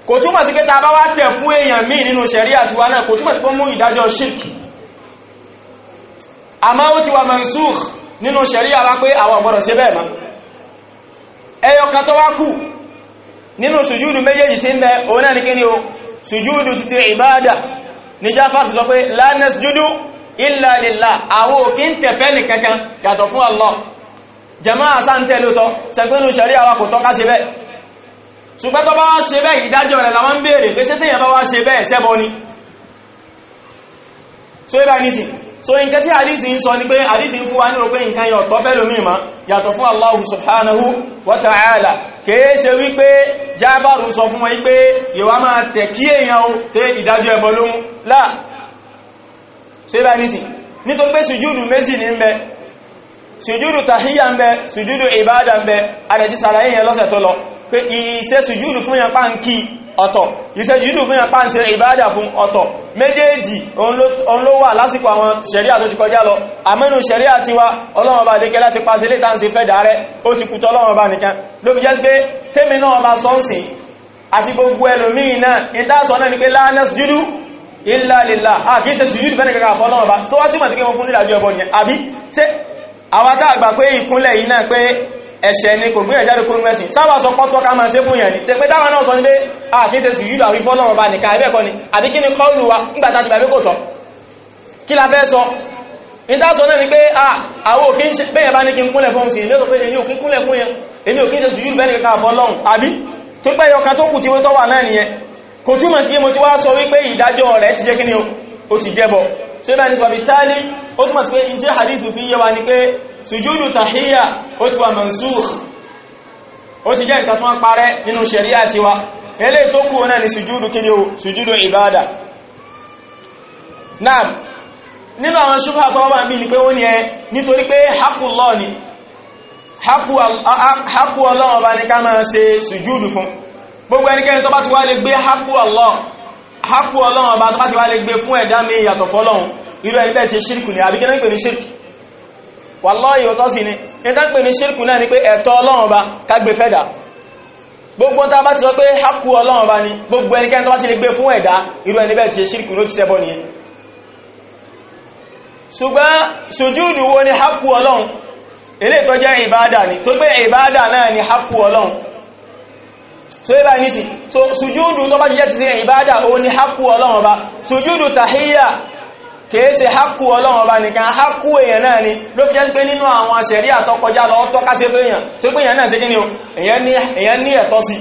kò túmọ̀ sí pé ta bá wá tẹ̀ fún èèyàn míì nínú ṣẹ̀ríà tiwa náà ó ti wà mansukh nínú ṣẹ̀ríà wá pé àwọn ọ̀gbọ́dọ̀ ṣe bẹ́ẹ̀ mọ́ ẹyọkan tó wá kù nínú sùjúdù méjèèjì tí ń bẹ òun náà ni o sùjúdù títí ìbáadà ní jáfàtù sọ pé la nasjudu illa lillah àwọn òkè ń tẹ̀fẹ́ nìkankan yàtọ̀ fún Allah jàmáà sáńtẹ̀ lóòtọ́ sẹ́gbẹ́nu ṣẹ̀ríà wá kò tọ́ka ṣe bẹ́ẹ̀ ṣùgbọ́n tó bá wá ṣe bẹ́ẹ̀ ìdájọ́ rẹ̀ làwọn ń béèrè pé so nǹkan tí hadithi ń sọ ni pé hadithi ń fún wa nírò pé nǹkan yọ tọ́fẹ́ lómi ma yàtọ̀ fún Allahu subhanahu wa ta'ala kèé ṣe wípé jábàrù sọ fún wọn wípé yíwa máa tẹ̀ kí èèyàn o tẹ́ ìdájọ́ ẹbọ lóhun láà ṣe bá nísìn nítorí pé sùjúdù méjì ní ń bẹ sùjúdù tàhíyà ń bẹ sùjúdù ìbádà ń bẹ adẹ̀tí sàlàyé yẹn lọ́sẹ̀ tó lọ pé ìṣe sùjúdù fún yẹn pàǹkì ọ̀tọ̀ iṣẹ́ yìí dùn fún yàn pàǹsẹ̀ ìbádà fún ọ̀tọ̀ méjèèjì òun ló wà lásìkò àwọn ṣẹ̀ríà tó ti kọjá lọ àmẹ́nu ṣẹ̀ríà ti wá ọlọ́run bá dékẹ́ láti pàtẹ́ lè tàǹsẹ̀ fẹ́ dàárẹ́ ó ti kùtọ́ ọlọ́run bá nìkan ló fi jẹ́ pé tèmi náà bá sọ́nsìn àti gbogbo ẹlòmíì náà ìtàsọ náà ni pé la nasjudu illa lillah a kìí ṣe sùjúdù fẹ́ni kankan fọ́ náà bá sọ wá túmọ̀ sí pé wọ́n fún nílàjú ẹbọ nìyẹn àbí ṣe àwọn akáàgbà pé ìkúnlẹ̀ yìí náà ẹ̀ṣẹ̀ ni kò gbéyàn jáde kónú ẹ̀sìn sáwà sọ pọ́ntọ́ ká máa ṣe fún yàn ní ṣe pé táwọn náà sọ ní pé àkí ṣe sùúrù àfi fọ́lọ́run bá nìka ẹ̀bẹ̀ kọ́ ni àbí kí ni kọ́ọ̀lù wa nígbà tá a ti bàbí kò tọ́ kí la fẹ́ sọ ní tá a sọ náà ni pé àwọn òkín bẹ́yàn bá ní kí n kúnlẹ̀ fún sí ilé pé èmi òkín kúnlẹ̀ fún yẹn èmi òkín ṣe sùúrù bẹ́ẹ̀ nìkan àfọlọ́run àbí tó pẹ́ yọka tó kù tí wọ́n tọ́ wà náà nìyẹn kò túmọ̀ sí pé mo ti wá sọ wípé ìdájọ́ rẹ̀ ti jẹ́ kí ni o ti jẹ́ bọ̀ ṣe bá ní sọ̀bí tálí ó túnmọ̀ sí pé in tí hadithu fi yẹ wa ni pé sùjúdù tàhíyà ó ti wà mansukh ó ti jẹ́ nǹkan tó wọ́n parẹ́ nínú ṣẹ̀ríà tiwa tó kú náà ni sùjúdù kí ni o sùjúdù ìbádà náà nínú àwọn ṣubha tó wà bí ni pé ó ní ẹ nítorí pé hakulọ́ ni hakú ọlọ́run ọba ní ká máa ṣe hapu ọlọ́run ọba tó bá sì wá lè gbé fún ẹ̀dá mi yàtọ̀ fọ́lọ́run irú ẹni bẹ́ẹ̀ ti ṣírkù ní àbíkẹ́ náà ń pè ní ṣírkù wallahi ọ̀tọ̀ sí ni ẹ̀dá ń pè ní ṣírkù náà ni pé ẹ̀tọ́ ọlọ́run ọba kágbé fẹ́dà gbogbo tá a bá ti sọ pé hapu ọlọ́run ọba ni gbogbo ẹnikẹ́ni tó bá ti lè gbé fún so ẹ báyìí nísì so sùjúdù tó bá ti jẹ́ ti ṣe ìbádà òun ni hákù ọlọ́run ọba sùjúdù tàhíyà kìí ṣe hákù ọlọ́run ọba nìkan hákù èèyàn náà ni ló fi jẹ́ pé nínú àwọn àṣẹ̀rí àtọkọjá lọ tọ́ka sí pé èèyàn tó pé èèyàn náà ṣe kí ni o èèyàn ní ẹ̀tọ́ sí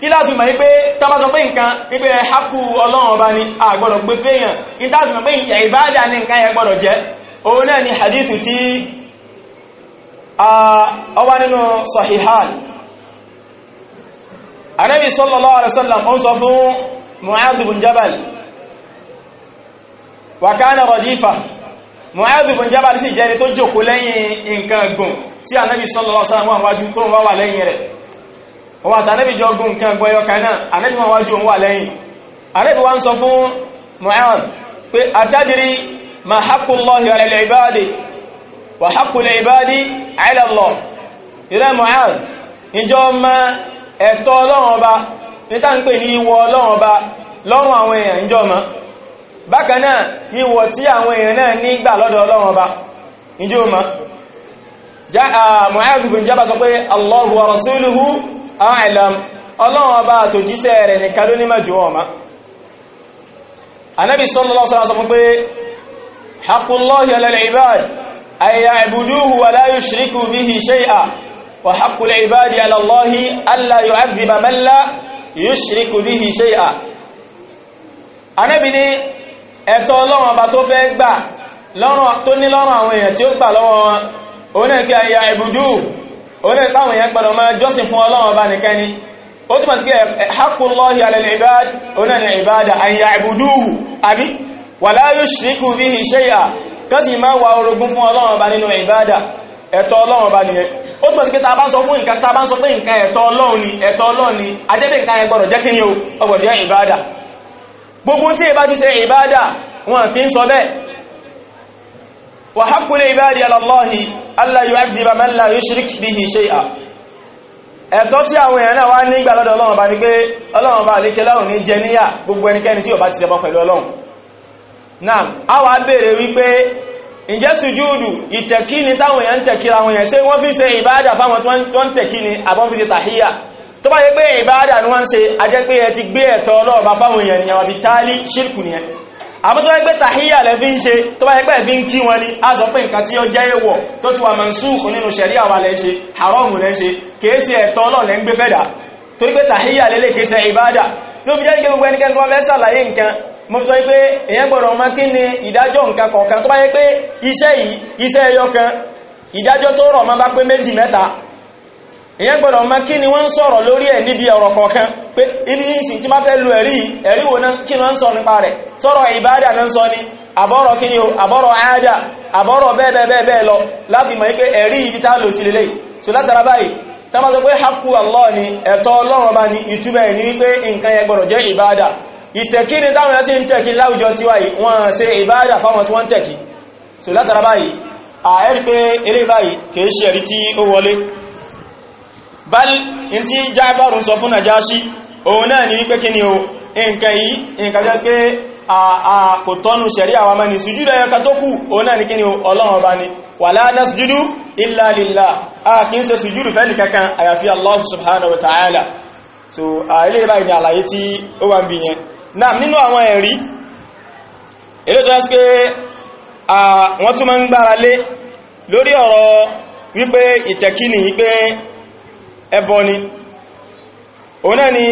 kí láti mọ̀ pé tọ́bá pé nǹkan pípẹ́ hákù ọlọ́run ọba ni a gbọ́dọ̀ gbé fẹ́yàn kí láti pé ìbádà ní nǹkan yẹn gbọ́dọ̀ jẹ́ òun náà ni hadithu tí ọwá nínú sahihan Ànábì sallallahu alaihi wasallam ó sọ fún Mu'adh ibn Jabal wa kana radifa Mu'adh ibn Jabal sì jẹ́ni tó jókòó lẹ́yìn nǹkan gùn tí Ànábì sallallahu alaihi wasallam wà wájú tó wà lẹ́yìn rẹ̀ wọ́n àti Ànábì jọ gùn nǹkan gbọ́yọ kan náà Ànábì wà ẹ̀tọ́ ọlọ́run ọba ní tá ń pè ní ìwọ ọlọ́run ọba lọ́rùn àwọn èèyàn ìjọ mọ́ bákan náà ìwọ tí àwọn èèyàn náà ní gbà lọ́dọ̀ ọlọ́run ọba ìjọ mọ́ Mu'adh bin Jabal sọ pé Allahu wa rasuluhu a'lam ọlọ́run ọba àtòjíṣẹ́ rẹ̀ nìkan ló ní mẹ́jọ ọmọ anábì sallallahu alaihi wasallam wa la yushriku bihi shay'a وحق العباد على الله ألا يعذب من لا يشرك به شيئا أنا بني ẹ̀tọ́ Ọlọ́run ọba tó fẹ́ gbà lọ́rùn tó ní lọ́rùn àwọn èèyàn tí ó gbà lọ́wọ́ wọn òun náà kí a ya ìbùdú òun náà táwọn èèyàn gbọ́dọ̀ máa jọ́sìn fún Ọlọ́run ọba nìkan ni ó túnmọ̀ sí pé haqqullahi ala al-ibad òun ó túnmọ̀ sí pé tàbá ń sọ fún nǹkan tàbá ń sọ pé nǹkan ẹ̀tọ́ ọlọ́run ni ẹ̀tọ́ ọlọ́run ni ajẹ́bẹ̀ nǹkan yẹn gbọ́dọ̀ jẹ́ kí ni o ọgbọ̀dọ̀ jẹ́ ìbáadà gbogbo tí ìbá ti ṣe ìbáadà wọn ń sọ bẹ́ẹ̀ ibadi ala Allahi alla yu'adhiba man bihi shay'a ẹ̀tọ́ tí àwọn na a wikpe. ǹjẹ́ sùjúdù ìtẹ̀kí ni táwọn èèyàn tẹ̀kíra wọn yẹn ṣé wọ́n fi ṣe ìbáadà fáwọn tó ń tẹ̀kí ni àbọ́n fi ṣe tàhíyà tó bá yẹ pé ìbáadà ni wọ́n ṣe ajẹ́ pé ẹ ti gbé ẹ̀tọ́ ọlọ́ọ̀bá fáwọn èèyàn ni àwọn tálí ṣírkù ni ẹ àbí tó yẹ pé tàhíyà lẹ fi ń ṣe tó bá yẹ pé fi ń kí wọn ni a sọ pé nǹkan tí ó jẹ́ èèwọ̀ tó ti wà mọ̀nsúùkù nínú ṣẹ̀ríà wa mo sọ pé èyàn gbọ́dọ̀ mọ̀ kí ni ìdájọ́ nǹkan kọ̀ọ̀kan tó bá yẹ pé iṣẹ́ yìí iṣẹ́ ẹyọ ìdájọ́ tó rọ̀ mọ́ bá pé méjì mẹ́ta èyàn gbọ́dọ̀ mọ̀ kí ni wọ́n ń sọ̀rọ̀ lórí ẹ̀ níbi ọ̀rọ̀ kọ̀ọ̀kan pé ibi ìsìn tí lu ẹ̀rí ẹ̀rí wo kí ni wọ́n ń sọ nípa rẹ̀ ni àbọ̀rọ̀ kí ni o àbọ̀rọ̀ àádà àbọ̀rọ̀ lọ láti mọ̀ pé ẹ̀rí ibi tá lò so látara báyìí tá bá sọ pé ni ẹ̀tọ́ ìtẹ̀kí ni táwọn ẹ̀sí ń tẹ̀kí láwùjọ tí wáyìí wọ́n ṣe ìbáadà fáwọn tí wọ́n tẹ̀kí so látara báyìí ààrẹ pé eré báyìí kìí ṣe ẹ̀rí tí ó wọlé bal in tí jáfàrún sọ fún Najashi òun náà ní pé kí ni o nǹkan yìí nǹkan jẹ́ pé kò tọ́nu ṣẹ̀rí àwọn ọmọ ní sùjúdù ẹ̀yọkan tó kù òun náà ní kí ni o Ọlọ́run ọba ni wala nasjudu illa lillah a kìí ṣe sùjúdù fẹ́ni kankan àyàfi Allah subhanahu wa ta'ala so ààrẹ báyìí ni àlàyé tí ó wà ń bí yẹn náà nínú àwọn ẹ̀rí ilé tó yásí pé wọ́n tún máa ń gbára lé lórí ọ̀rọ̀ wípé ìtẹ̀kíní wípé ẹbọ ni òun náà ni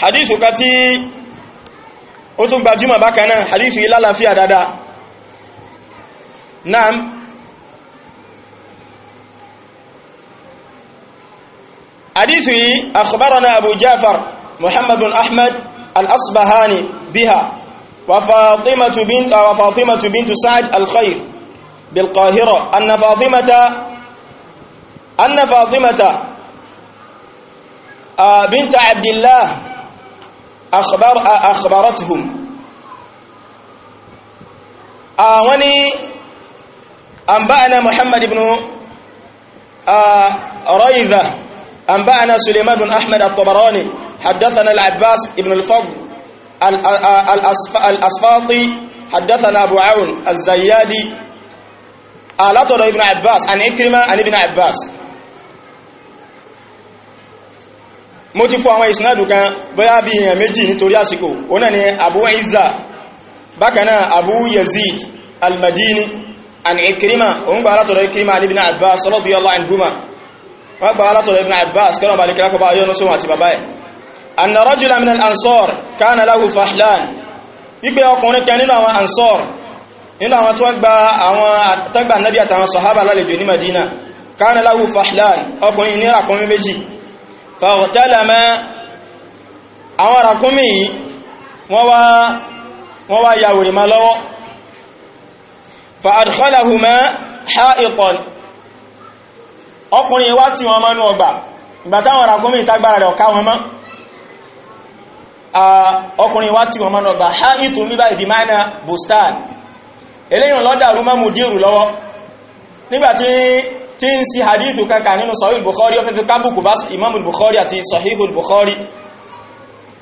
hadithu ká tí ó tún gbajúmọ̀ bákan náà hadithu ilálàáfíà dáadáa náà hadithu yìí akhbarana abu jafar محمد بن أحمد الأصبهاني بها وفاطمة بنت, وفاطمة بنت سعد الخير بالقاهرة أن فاطمة أن فاطمة بنت عبد الله أخبر أخبرتهم أوني أنبأنا محمد بن ريذة أنبأنا سليمان بن أحمد الطبراني حدثنا العباس بن الفضل الأصفاطي حدثنا أبو عون الزيادي على طول ابن عباس عن عكرمة عن ابن عباس mo ti fún àwọn ìsinádù kan bóyá bí èèyàn méjì nítorí àsìkò òun náà ni abu izza bákanáà abu yazid almadini an ikirima òun gba alátọ̀rọ̀ ikirima ní ibn abbas radiyallahu anhuma wọ́n gba alátọ̀rọ̀ ibn abbas kọ́nà balikira kọba ayọ́nusọ́wọ́n àti bàbá ẹ̀ anna rajulan minal ansor kana lahu fahlan wípé ọkùnrin kan nínú àwọn ansor nínú àwọn tí wọ́n gba àwọn àtàgbà nabi àtàwọn sahaba lálejò ní madina kana lahu fahlan ọkùnrin ní ràkúnmí méjì fàwọ̀tálàmá àwọn ràkúnmí wọ́n wá wọ́n wá yàwòrì ma lọ́wọ́ fa'adkhalahuma ha'itan ọkùnrin wá tí wọ́n ọkùnrin wá tí wọ́n máa nọgbà ha ìtò níbà ìdí máìnà bostan eléyìn lọ́dà rúmọ́ mudiru lọ́wọ́ nígbàtí tí ń si hadithu kankan nínú sahih bukhari ó fẹ́ fi kábùkù bá imam bukhari àti sahih bukhari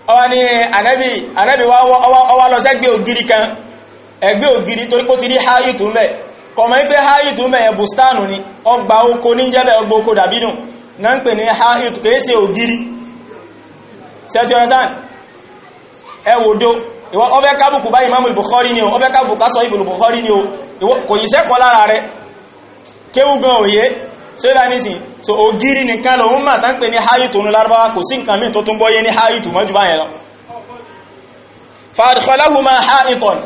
ọwá ní anabi anabi wá lọ sẹ́gbẹ́ ògiri kan ẹgbẹ́ ògiri torí kó ti rí ha ìtò mẹ́ kọmọ ẹgbẹ́ ha ìtò mẹ́ bostan ni ọgbà oko níjẹ́bẹ̀ ọgbà oko dàbínú náà ń pè ní ha ìtò kèése ògiri sẹ́tí ọ̀rẹ́sán ẹwòdó ọfẹ́ kábùkù bá Imam Bukhari ni o ọfẹ́ kábùkù kásọ Ibn Bukhari ni o kò yí sẹ́kọ́ lára rẹ kéwú òye so ìlà nísìn so ògiri nìkan lọ ń mà tán pé ní háyìtò ní lárúbáwá kò sí nǹkan míì tó tún bọ́yé ní háyìtò mọ́jú báyẹn lọ fàdùkọ́láhùmá háìtọ̀n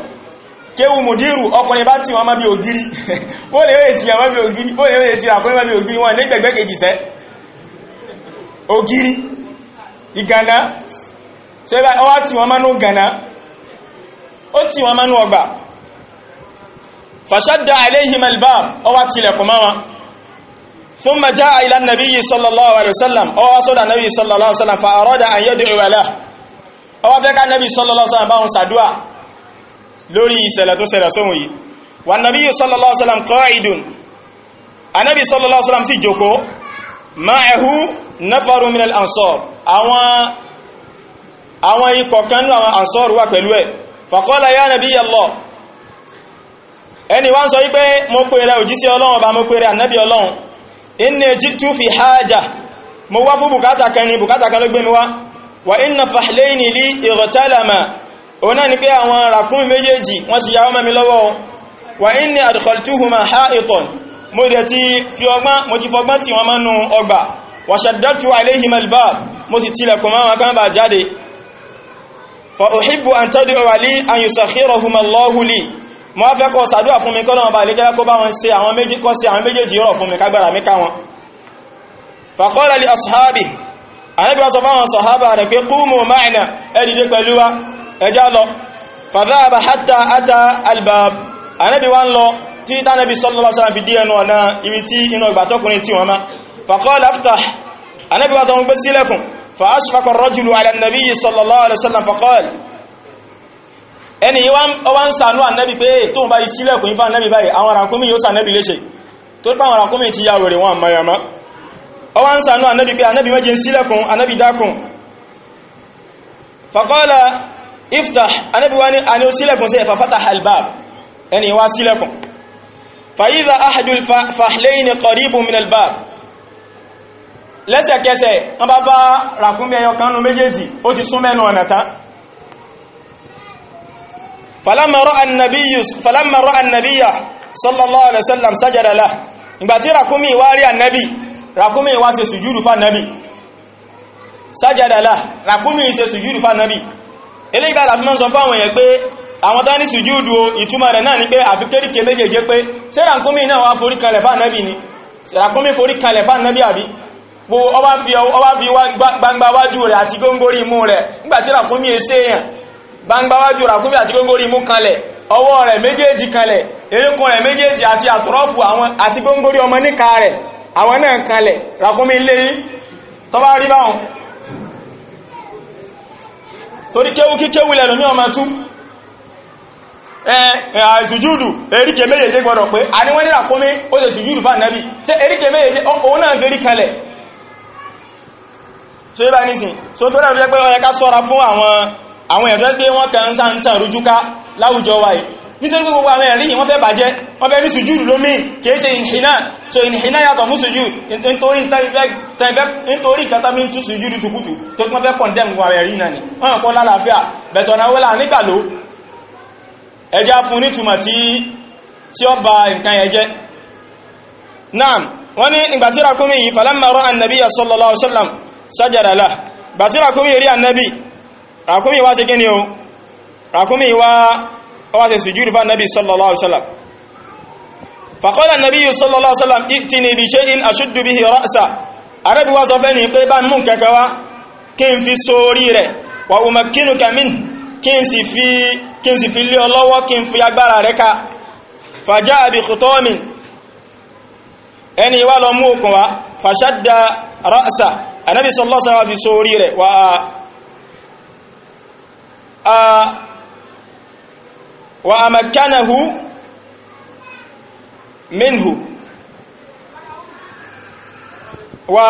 kéwù mùdírù ọkùnrin bá tí wọ́n má bí ògiri ó ìgànnà so ẹ wá tí wọ́n mánú gànà ó tí wọ́n mánú ọgbà fàṣádà aléhìm albam ó wá tilẹ̀kùn máa wọn fún majá ilá nàbí yìí sallallahu alaihi wasallam ó wá sọ́dà nàbí sallallahu alaihi wasallam fa'arọ́dà àyẹ́dù ìwàlá ó wá fẹ́ ká nàbí sallallahu alaihi wasallam sàdúà lórí ìṣẹ̀lẹ̀ tó ṣẹlẹ̀ sóhun yìí wà nàbí yìí sallallahu alaihi wasallam qa'idun anábì sallallahu alaihi sì jókòó ma'ahu nafarun min al-ansar àwọn àwọn ikọ̀ kan nínú àwọn ansọ́rù wà pẹ̀lú ẹ̀ fàkọ́lá yá nàbí Allah ẹni wá ń sọ wípé mo pè rẹ òjíṣẹ́ ọlọ́run bá mo pè rẹ ànábì ọlọ́run inni jitu fi haja mo wá fún bùkátà kan ni bùkátà kan ló gbé mi wá wà inna fahlayni li igtalama òun náà ni pé àwọn ràkúnmí méjèèjì wọ́n ti yàwó mẹ́mi lọ́wọ́ wà inni adkhaltuhuma ha'itan mo dẹ̀ ti fi ọgbọ́n mo ti fọgbọ́n tí wọ́n mọ́nu ọgbà wa shaddatu alayhima albab mo sì tilẹ̀kùn mọ́ wọn kán bà jáde fa uhibbu an tad'u li an yusakhirahum Allahu li mo fẹ́ kó ṣàdúrà fún mi kọ́ lọ́wọ́ bá lè jẹ́ kó bá wọn ṣe àwọn méjì kọ́ sí àwọn méjèèjì rọ̀ fún mi kágbára mi ká wọn fa qala li ashabi àníbi wọn sọ fáwọn sọ̀hábà rẹ̀ pé qumu ma'na ẹ̀dìdé pẹ̀lú wa ẹjá lọ fa dhahaba hatta ata albab àníbi wọn lọ tí tánàbí sílẹ̀kùn فأشفق الرجل على النبي صلى الله عليه وسلم فقال ẹni yíwá ọwá ń sànú ànẹ́bì pé tó ń bá ìsílẹ̀kùn ìfà ànẹ́bì báyìí àwọn àràkúnmí yóò sànẹ́bì léṣe tó bá àwọn àràkúnmí ti yà wèrè wọn àmàyàmá ọwá ń sànú ànẹ́bì pé ànẹ́bì méje sílẹ̀kùn ànẹ́bì dákùn faqala iftah ànẹ́bì wá ní àní sílẹ̀kùn sí ẹ̀fà fatah albab ẹni lẹ́sẹ̀kẹsẹ̀ wọ́n bá bá ràkúnmí ẹyọ kanú méjèèjì ó ti sún mẹ́nu ọ̀nà tán falamọ̀rọ̀ annabiya sallallahu alaihi wasallam sajadala ìgbàtí ràkúnmí wá rí annabi ràkúnmí wá ṣe sùjúrù fún annabi sajadala ràkúnmí ṣe sùjúrù fún annabi eléyìí dára fi mọ́ sọ fáwọn èèyàn pé àwọn tán ní sùjúdù ìtumọ̀ rẹ̀ náà ni pé àfi kéríkè méjèèjì pé ṣé ràkúnmí náà wá forí kalẹ̀ fún ni ràkúnmí forí kalẹ̀ fún àbí bụ ọba fi ọba fi gbangba wájú rẹ̀ àti góngórí imú rẹ̀ nígbàtí ràkúnmí èsè èèyàn gbangba wájú ràkúnmí àti góngórí imú kanlẹ̀ ọwọ́ rẹ̀ méjèèjì kanlẹ̀ erékùn rẹ̀ méjèèjì àti àtúrọ́fù àwọn àti ọmọ níka àwọn náà rí báwọn torí kí ní ọmọ tú àìsùjúdù eríkè méjèèjì pé a ní ó sì sùjúdù so yíba nísìn so tó rẹ̀ pé ó yẹ ká sọ́ra fún àwọn àwọn ẹ̀dọ́ pé wọ́n kàn ń sá ń tàn rújúká láwùjọ wa yìí nítorí gbogbo àwọn ẹ̀rí yìí wọ́n fẹ́ bàjẹ́ wọ́n fẹ́ rí sùjúdù lómi kìí ṣe ìhìnà so ìhìnà yàtọ̀ mú sùjúdù nítorí ìkàtà mi ń tú sùjúdù tukutu tó kí wọ́n fẹ́ kọ̀ndẹ̀m gbogbo àwọn ẹ̀rí náà ni wọ́n yàn kọ́ lálàáfíà bẹ̀tọ̀ náà wọ́lá nígbàló ẹjá fún nítumọ̀ tí ó ba nǹkan ẹjẹ́ náà wọ́n ní ìgbà tí rakúnmí yìí falamma ra'a an-nabiyya sallallahu alaihi sájàdàlá bàtí ràkúnmí rí ànábì ràkúnmí wá ṣe kíni o ràkúnmí wá wá ṣe sùjúdù fún ànábì sallallahu alaihi wasallam faqala ànábì sallallahu alaihi wasallam i'tini bi shay'in ashuddu bihi ra'sa ànábì wá sọ fẹ́ ni pé bá mú kẹkẹ wá kí n fi sórí rẹ̀ wa umakkinuka min kí n sì fi kí lé ọ kí n fi agbára rẹ̀ ka fajaa bi khutamin ẹni wá lọ mú okùn wá fashadda ra'sa anábi sallallahu alaihi wasallam fi so orí rẹ̀ wà á wà á makanahu minhu wà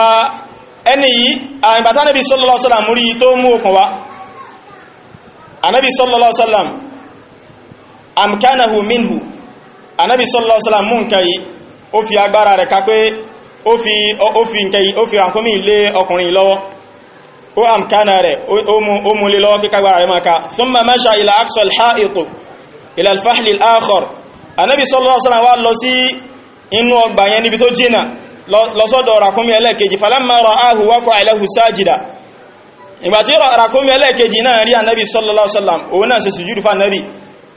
ẹni yìí àìbàtà anábi sallallahu alaihi wasallam rí tó mú okùn wá anábi sallallahu alaihi wasallam amkanahu minhu anábi sallallahu alaihi mú nǹkan yìí ó fi agbára rẹ̀ ká pé ó fi ó fi nke ó fi rankumi lé ọkùnrin lọ́wọ́ ó amkana rẹ̀ ó mú lé lọ́wọ́ kíkàgbà rẹ̀ maka thumma masha ila aqsa al-ha'it ila al-fahl al-akhar anabi sallallahu alaihi wasallam wá lọ sí inú ọgbà yẹn níbi tó jìnà lọ sọ́dọ̀ rankumi ẹlẹ́kejì falamma ra'ahu waqa'a lahu sajida ìgbà tí rankumi ẹlẹ́kejì náà rí anabi sallallahu alaihi wasallam òun náà ṣe sùjúdù fún anabi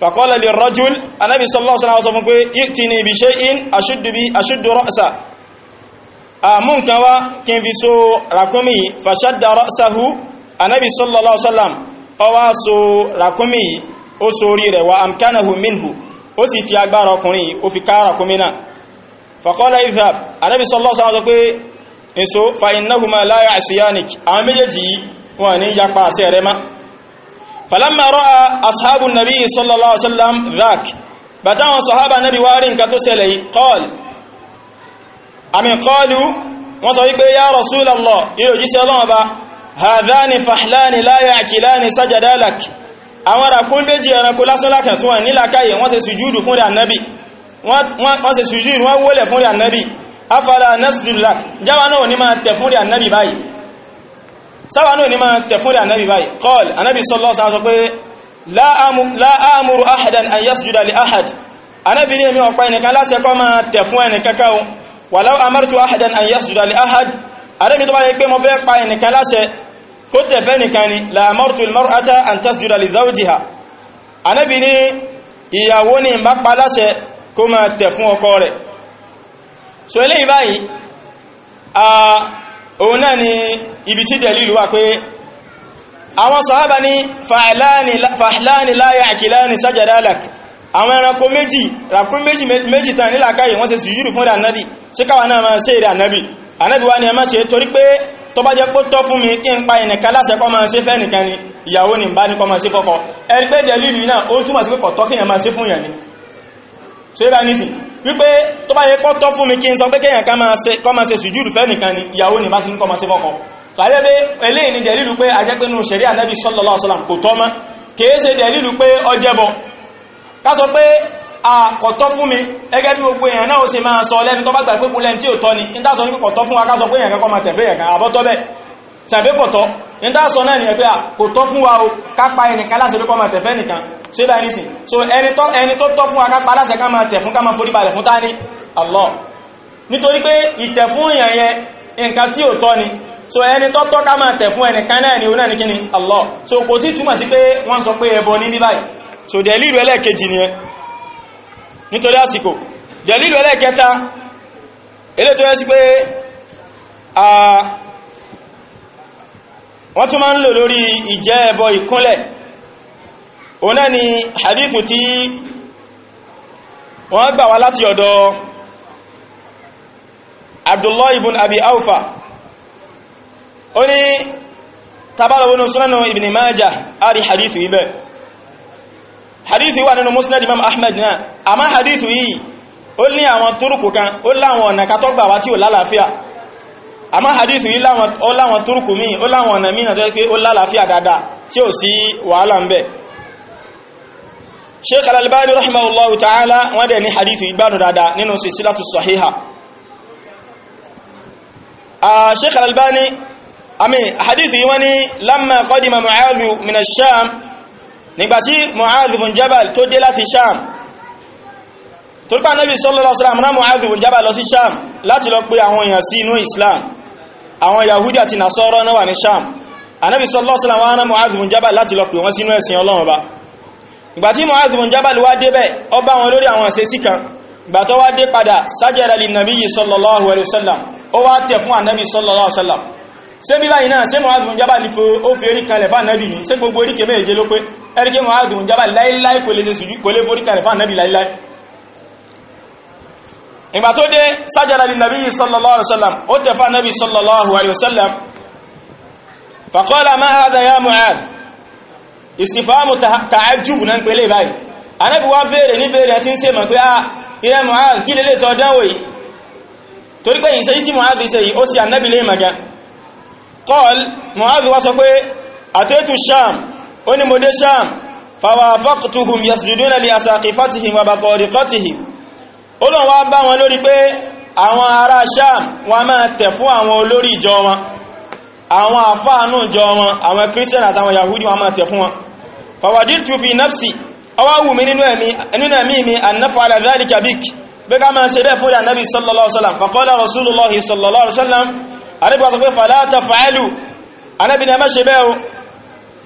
faqala lirrajul anabi sallallahu alaihi wasallam sọ fún pé i'tini Ah, mú nǹkan wá kí n fi so ràkúnmí fàṣádà rọ́sáhù anábì sallallahu alaihi wasallam ó wá so ràkúnmí ó so orí rẹ̀ wà amkanahu minhu ó sì fi agbára ọkùnrin ó fi ká ràkúnmí náà fàkọ́lá ifab anábì sallallahu alaihi wasallam sọ pé nso fa innahuma la ya'siyanik àwọn méjèèjì yìí wọn ní yapa àṣẹ rẹ̀ máa falamma ra'a ashabu nabi sallallahu alaihi wasallam dhak bàtàwọn sahaba nabi wárí nǹkan tó ṣẹlẹ̀ yìí qala àmì kọlu wọ́n sọ wípé ya Rasulullah ilé òjíṣẹ́ ọlọ́run ba hadhani fahlani la ya'kilani sajadalak àwọn ràkún méjì ẹranko lásánlákan tún wà nílàkàyè wọ́n ṣe sùjúdù fún rẹ̀ ànábì wọ́n ṣe sùjúdù wọ́n wólẹ̀ fún rẹ̀ ànábì afala nasdulak jáwa náà ní máa tẹ̀ fún rẹ̀ ànábì báyìí sáwà náà ní máa tẹ̀ fún rẹ̀ ànábì báyìí kọ́ọ̀lù ànábì sọ́lọ́sà sọ pé láàmùrù ahadan an yasjuda li ahad ànábì ní èmi wàláwọ́ amárùtù ahadan an yasjuda li ahad arẹ́mi tó bá yẹ pé mo fẹ́ pa ẹnìkan láṣẹ kó tẹ̀fẹ́ nìkan ni làmárùtù almar'ata an tasjuda li zawjiha anábì ní ìyàwó ní ìbá pa láṣẹ kó máa tẹ̀ fún ọkọ rẹ̀ so eléyìí báyìí òun náà ni ibi tí dẹ̀lìlú wà pé àwọn sàhábà ní fàhìláni láyé àkìláni sájàdálàk àwọn ẹranko méjì ràkún méjì tàn nílàkáyè wọ́n ṣe sùjúrù fún ìrànlẹ́dì sí káwa náà máa ṣe èrè ànábì ànábì wa ni ẹ má ṣe torí pé tó bá jẹ́ pé tọ́ fún mi kí n pa ẹnìkan láṣẹ kọ́ máa ṣe fẹ́nìkan ni ìyàwó ni bá ní kọ́ máa ṣe fọ́kọ ẹni pé dẹ̀lílù náà ó túmọ̀ sí pé kọ̀tọ́ kí èèyàn máa ṣe fún yàn ni so yẹ́ bá ní sìn wípé tó bá jẹ́ pé tọ́ fún mi kí n sọ pé kéèyàn kọ́ máa ṣe sùjúdù fẹ́nìkan ni ìyàwó ni bá ṣe ń kọ́ máa ṣe fọ́kọ tàbí pé eléyìí ni dẹ̀lílù pé ajẹ́pẹ́nu ṣẹ̀rí ànábì sallallahu alaihi wasallam kò tọ́ mọ́ kìí ṣe dẹ̀lílù pé ọjẹ́bọ ká sọ pé àkọ̀tọ́ fún mi ẹgẹ́ bí gbogbo èèyàn náà ó sì máa sọ lẹ́nu tó bá gbà pé kò lẹ́nu tí ò tọ́ ni ní tásọ ní kọ̀tọ́ fún wa ká sọ pé èèyàn kankan máa tẹ̀fẹ́ èèyàn kan ní tásọ fún wa o pé so ẹni tó ẹni tó tọ́ fún wa ká pa láṣẹ ká máa tẹ̀ fún Allah nítorí pé ìtẹ̀ fún èèyàn so ẹni tó tọ́ ká máa tẹ̀ fún ẹnìkan náà ni òun náà ní Allah so kò tí túmọ̀ sí pé wọ́n sọ pé ẹbọ ní ní báyìí so dẹ̀ lílu ẹlẹ́ẹ̀kejì nìyẹn nítorí àsìkò dẹ̀lílù ẹlẹ́ẹ̀kẹta ilé tó yẹ sí pé wọ́n tún máa ń lò lórí ìjẹ́ ẹbọ ìkúnlẹ̀ òun náà ni hadithu tí wọ́n gbà wá láti ọ̀dọ̀ Abdullah ibn Abi Awfa ó ní tabalawonu sunanu ibn Majah a rí hadithu ibẹ̀ hadithi wà nínú musnad imam ahmed náà àmá hadithi yìí ó ní àwọn túrùkù kan ó láwọn ọ̀nà katọ́gbà wá tí ó lálàáfíà àmá hadithi yìí ó láwọn túrùkù míì ó láwọn ọ̀nà míì náà tó pé ó lálàáfíà dáadáa tí ó sí wàhálà ń bẹ sheikh al-albani rahimahullahu ta'ala wọ́n dẹ̀ ní hadithi yìí gbádùn dáadáa nínú silsilatu sahiha sheikh al-albani àmì hadithi yìí wọ́n lamma qadima mu'adhu min ash-sham nígbàtí Mu'adh bin Jabal tó dé láti Sham tó pà Nábì sallallahu alaihi wasallam rán Mu'adh bin Jabal lọ sí Sham láti lọ pé àwọn èèyàn sí inú Islam àwọn Yahudi àti Nasara náà wà ní Sham Ànábì sallallahu alaihi wasallam rán Mu'adh bin Jabal láti lọ pé wọ́n sínú ẹ̀sìn Ọlọ́run Ọba ìgbàtí Mu'adh bin Jabal wá débẹ̀ ó bá wọn lórí àwọn ìṣesí kan ìgbàtọ́ wá dé padà sajada linnabiyyi sallallahu alaihi wasallam ó wá tẹ̀ fún Ànábì sallallahu alaihi wasallam ṣé bí báyìí náà ṣé Mu'adh bin Jabal ẹ̀ríkẹ́ Mu'adh bin Jabal láíláí kò lè ṣe sùjú kò lè forí kalẹ̀ fún ànábì láíláí ìgbà tó dé sájára lè nàbí sallallahu alaihi wasallam ó tẹ̀ fún ànábì sallallahu alaihi wasallam faqala ma hadha ya Mu'adh istifamu ta'ajjub náà pẹ̀lẹ́ báyìí ànábì wá béèrè ní béèrè àti ń ṣe mọ̀ pé ah ìrẹ́ Mu'adh kí lè lè tọ́ dánwò yìí torí pé Sham ó ní mo dé sham fawafaqtuhum yasjuduna li asaqifatihim wa baqariqatihim ó lọ́n wá bá wọn lórí pé àwọn ará sham wọn máa tẹ̀ fún àwọn olórí ìjọ wọn àwọn àfáànù ìjọ wọn àwọn christian àtàwọn yahudi wọn máa tẹ̀ fún wọn fawadiltu nafsi ọwá wù mí nínú ẹ̀mí mi annafa ala bí ká máa ṣe bẹ́ẹ̀ fún ìdánàbí sallallahu alaihi wasallam faqala rasulullahi sallallahu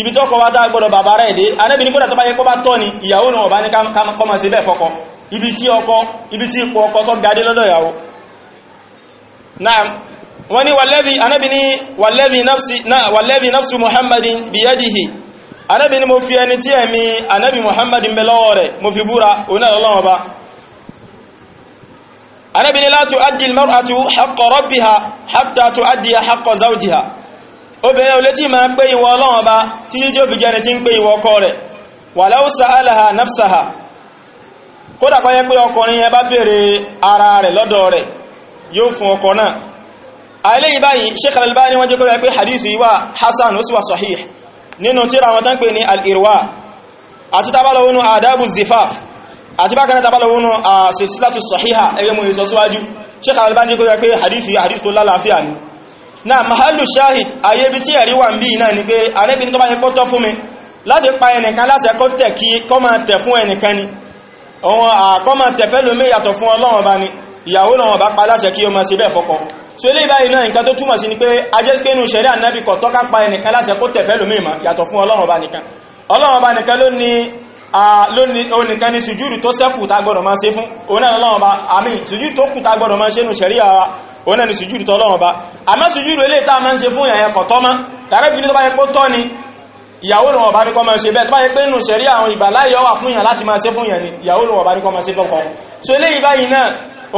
ibi tọ́kọ wá dá gbọ́dọ̀ bàbá rẹ̀ dé Ànábì ní gbọ́dọ̀ tó bá yẹ kó bá tọ́ ni ìyàwó náà bá ní kọ́mọ̀ sí bẹ́ẹ̀ fọ́kọ ibi tí ọkọ ibi tí ipò ọkọ tó gadé lọ́dọ̀ ìyàwó náà wọ́n ní wàlẹ́bí Ànábì ní wàlẹ́bí nafsi náà wàlẹ́bí nafsu muhammadin biyadihi Ànábì ní mo fi ẹni tí ẹ̀mí Ànábì muhammadin bẹ lọ́wọ́ rẹ̀ mo obìnrin olè tí ma ń pé ìwọ ọlọ́run ọba títí tí ó fi jẹni tí ń pé ìwọ ọkọ rẹ̀ walau sa'alaha nafsaha kódà kọ́ yẹ pé ọkùnrin yẹn bá béèrè ara rẹ̀ lọ́dọ̀ rẹ̀ yóò fún ọkọ náà àìlè yìí báyìí Sheikh Al-Albani wọ́n jẹ́ kó yẹ pé hadith yìí wà hasan ó sì wà sahih nínú tírà wọn tán pè ní al-irwa àti tábàlọ́ wọnú adabu zifaf àti bákan náà tábàlọ́ wọnú ah, silsilatu sahiha ẹgbẹ́ mo yìí sọ síwájú Sheikh kó yẹ pé hadith yìí hadith tó lálàáfíà ni na mahalu shahid ayé bí tí ẹ̀rí wà ń bí náà ni pé Ànábì ní tó bá yẹ kó tọ́ fún mi láti pa ẹnìkan láṣẹ kó tẹ̀ kí kó máa tẹ̀ fún ẹnìkan ni òun àkọ́ máa tẹ̀ fẹ́ lómi yàtọ̀ fún Ọlọ́run bá ni ìyàwó lọ́wọ́ bá pa láṣẹ kí o máa ṣe bẹ́ẹ̀ fọ́kọ so ilé ìbáyìí náà nǹkan tó túmọ̀ sí ni pé ajẹ́sípénu ṣẹ̀rí Ànábì kò tọ́ ká pa ẹnìkan láṣẹ kó tẹ̀ fẹ́ lómi mà yàtọ̀ fún Ọlọ́run bá nìkan Ọlọ́run bá nìkan ló ní onìkan ní sùjúrù tó sẹ́kù tá gbọ́dọ̀ máa ṣe fún òun náà Ọlọ́run bá àmì sùjúrù tó kù tá gbọ́dọ̀ máa ṣe nù ṣẹ̀rí àwa òun náà ni sùjúdù tọ́ lọ́wọ́ bá àmọ́ sùjúdù eléyìí tá a máa ń ṣe fún ìyàyẹn kọ̀ mọ́ lára ní tó bá yẹ pé tọ́ ni ìyàwó lọ́wọ́ bá ní kọ́ máa ṣe bẹ́ẹ̀ tó bá yẹ pé nù ṣẹ̀rí àwọn ìbàláyọ̀ wà fún ìyàn láti máa ṣe fún ìyàn ni ìyàwó lọ́wọ́ bá ní kọ́ máa ṣe lọ́kọ̀ so eléyìí báyìí náà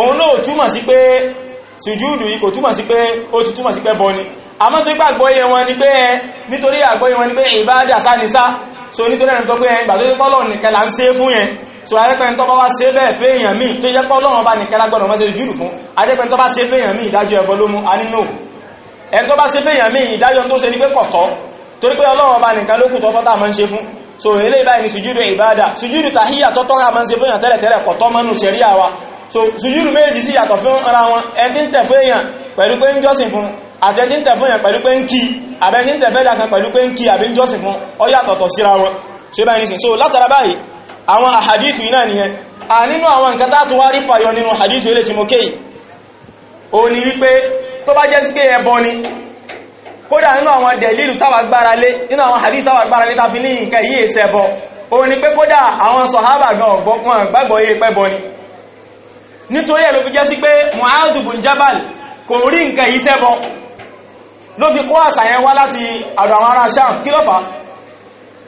òun náà túmọ̀ sí pé sùjúdù yìí kò túmọ̀ sí pé ó ni àmọ́ tó ipá àgbọ́yé wọn ni pé ni pé ìbádà so ayẹ́pẹ́ni tó bá wá ṣe bẹ́ẹ̀ fẹ́yàn míì tó jẹ́ pọ́lọ́wọ́n bá nìkan lágbọ́dọ̀ mọ́ sí jùlù fún ayẹ́pẹ́ni tó bá ṣe fẹ́yàn míì ìdájọ́ ẹ̀bọ ló mú anínú ẹni tó bá ṣe fẹ́yàn míì ìdájọ́ tó ṣe ní pé kọ̀tọ́ torí pé ọlọ́wọ́n bá nìkan ló kù tọ́tọ́ tá a máa ń ṣe fún so eléyìí báyìí ni sùjúdù ìbáadà sùjúdù tàhíyà tọ́tọ́ ká máa ń ṣe fún èèyàn tẹ́lẹ̀ tẹ́lẹ̀ kọ̀tọ́ mọ́nù ṣẹ̀ríà wa so sùjúdù méjì sí yàtọ̀ fún ara wọn ẹni tẹ̀ fún èèyàn pẹ̀lú pé ń jọ́sìn fún àtẹ́tí ń tẹ̀ fún èèyàn pẹ̀lú pé ń kí àbẹ́ni tẹ̀ fẹ́ dàkan pẹ̀lú pé ń kí àbí ń jọ́sìn fún ó yàtọ̀tọ̀ síra wọn so báyìí nìsín so látara báyìí àwọn àhàdífì náà nìyẹn a nínú àwọn nǹkan tààtù wá rí fàyọ nínú àhàdífì ilé tí mo kéyì o ní wípé tó bá jẹ́ sí pé ẹbọ ni kódà nínú àwọn dẹ̀lìlù táwà gbára lé nínú àwọn àhàdífì táwà gbára lé tàbí ní nǹkan yìí Jabal kò rí nǹkan yìí ṣẹbọ ló fi kó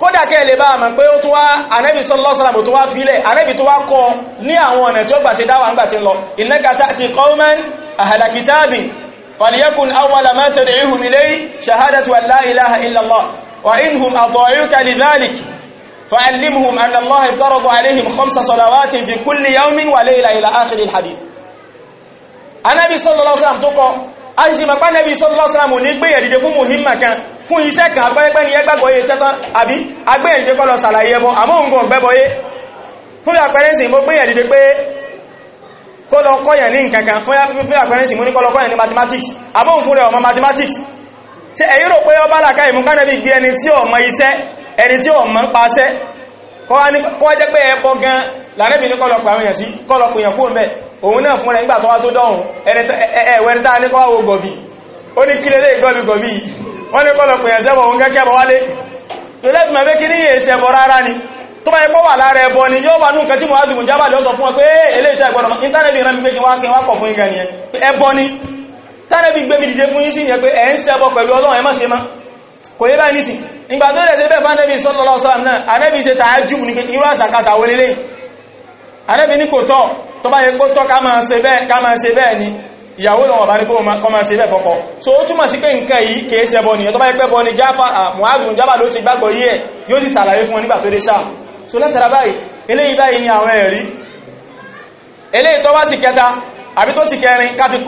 kódà kẹ́ lè bá àmà pé ó tó wá anẹ́bì sọ́lọ́sọ́lọ́mù tó wá fílẹ̀ anẹ́bì tó wá kọ ní àwọn ọ̀nà tí ó gbà ṣe dáwà ńgbà tí ń lọ ìnẹ́kàtà ti kọ́ọ́mẹ́n àhàdàkítàbì fàlìyẹ́kùn awwala ma tad'uhum fún iṣẹ́ kan agbẹ́gbẹ́ ni ẹgbàgbọ́ yẹ iṣẹ́ tán àbí agbẹ́yẹ̀dìde kọ́ lọ sàlàyé ẹbọ àmọ́ òun gan gbẹ́bọ yé fún àpẹẹrẹ ìsìn mo gbẹ́yẹ̀dìde pé kó lọ kọ́yẹ̀ ní nǹkankan fún àpẹẹrẹ ìsìn mo ní kó lọ kọ́yẹ̀ ní mathematics àmọ́ òun fúnra ọmọ mathematics ṣe ẹ̀yin rò pé ọba làkà ìmú kánẹ́bì gbé ẹni tí ò mọ iṣẹ́ ẹni tí ò mọ paṣẹ́ kọ́ jẹ́ pé ẹbọ gan lànẹ́bì ní kọ́lọ̀pọ̀ àwọn èèyàn sí kọ́lọ̀pọ̀ èèyàn kúrò mẹ́ òun náà fúnra nígbà tó wá tó dọ̀hún ẹ̀wẹ̀rẹ̀ tá a ní kọ́wọ́ gọ̀bì ó ní kílẹ̀ lè gọ̀bì gọ̀bì wọ́n ní kọ́lọ̀ pèyàn sẹ́bọ̀ òun kẹ́kẹ́ bọ̀ wálé tó lẹ́bí mẹ́fẹ́ kí ní èsì ẹbọ rárá ni tó bá ipọ́ wà lára ẹbọ ni yóò wà nùkan tí Mu'adh ibn Jabal lọ sọ fún ọ pé eh, eléyìí tẹ́ ẹgbọ́dọ̀ íńtánẹ́ẹ̀tì rán mi pé kí wá kí wá kọ̀ fún ìgbà nìyẹn ẹbọ ni tánẹ́bí gbé mi dìde fún yín sí yẹn pé ẹ̀ ń ṣẹbọ pẹ̀lú Ọlọ́run ẹ má ṣe má kò yé báyìí nísìn ìgbà tó lẹ̀ sí bẹ́ẹ̀ fánẹ́bí sallallahu alaihi wasallam náà anẹ́bí ṣe tààjú ní pé irú àṣàkáṣà wọlé lẹ́yìn anẹ́bí ní kò tọ́ tó bá yẹ kó tọ́ ká máa ṣe bẹ́ẹ̀ ká máa ṣe bẹ́ẹ̀ ni ìyàwó lọ́wọ́ bá ní kó máa ṣe bẹ́ẹ̀ fọ́kọ so ó túmọ̀ sí pé nǹkan yìí kìí ṣẹbọ nìyẹn tó bá pẹ́ bọ́ ni Mu'adh jábà ló ti gbàgbọ́ yí ẹ̀ yóò sì sàlàyé fún so látara báyìí eléyìí báyìí ni àwọn ẹ̀rí eléyìí tó wá sí kẹta àbí tó sì kẹrin káfi ni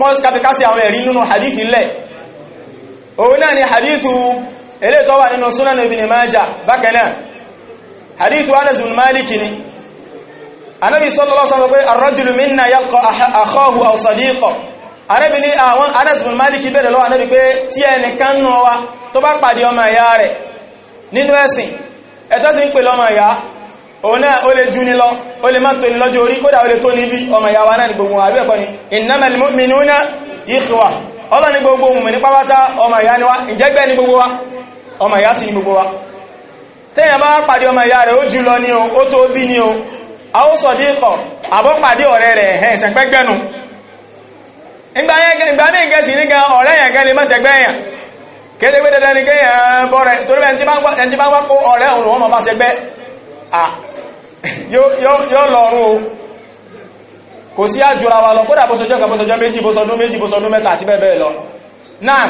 hadithu eléyìí tó wà nínú sunan ibn Majah bákan hadithu Anas bin Malik ni anabi sallallahu alaihi wasallam pé ar-rajulu minna yalqa akhahu aw sadiqahu arẹ́bìnrin ah, àwọn Anas bin Malik bẹ̀rẹ̀ lọ́wọ́ Ànábì pé tí ẹnìkan nù wa tó bá pàdé ọmọ ìyá rẹ̀ nínú ẹ̀sìn ẹ̀tọ́ sí ń pè lọ́mọ ìyá òun náà ó lè jú ní lọ ó lè má tó ní lọ́jọ́ orí kódà ó lè tó níbi ọmọ ìyá wa náà ni innamal mu'minuna ikhwa ọlọ́ ni wá wa ọmọ ìyá sì wa tẹ́yàn bá pàdé o ó o a ó sọ díkọ̀ àbọ́ pàdé ọ̀rẹ́ rẹ̀ ìgbà ní ìgẹ́sì ní gan ọ̀rẹ́ yẹn gan lè mọ́ sẹgbẹ́ yẹn kéde ni kí yẹn bọ́ rẹ̀ torí bẹ́ẹ̀ ẹni bá wá kó ọ̀rẹ́ òun lòun bá sẹgbẹ́ yóò lọ́rùn o kò sí àjùra wa lọ kódà bóṣọjọ́ kan bóṣọjọ́ méjì bóṣọdún méjì bóṣọdún mẹ́ta àti bẹ́ẹ̀ bẹ́ẹ̀ lọ náà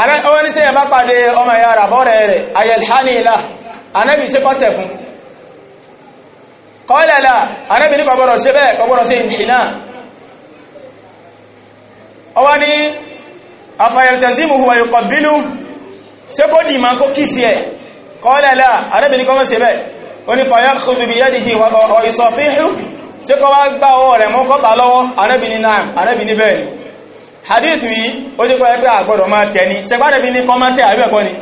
ààrẹ owó ní tẹ́yẹ̀ bá pàdé ọmọ ìyá rà bọ́rẹ̀ rẹ̀ ayẹ̀lhánìlá anẹ́bì sí kọ́tẹ̀ fún kọ́lẹ̀lá anẹ́bì ní kọ̀gbọ́rọ̀ sí bẹ́ẹ̀ kọ̀gbọ́rọ̀ ọwá ní afayẹ̀tẹ̀símù huwa yuqabbilu ṣe kó dìímà kó kí sí ẹ̀ kọ́lẹ̀lá arẹ́bìnrin kọ́mọ́ sí bẹ́ onífàyà kùdùbí yadihi wa isafihu ṣe kọ́ wá gbá ọwọ́ rẹ̀ mọ́ kọ́ta lọ́wọ́ arẹ́bìnrin náà arẹ́bìnrin bẹ́ẹ̀ hadith yìí ó jẹ́ kọ́ ẹgbẹ́ àgbọ̀dọ̀ máa tẹ̀ ni ṣe gbádẹ̀ bí ní kọ́ máa tẹ̀ àbẹ́ẹ̀kọ́ ni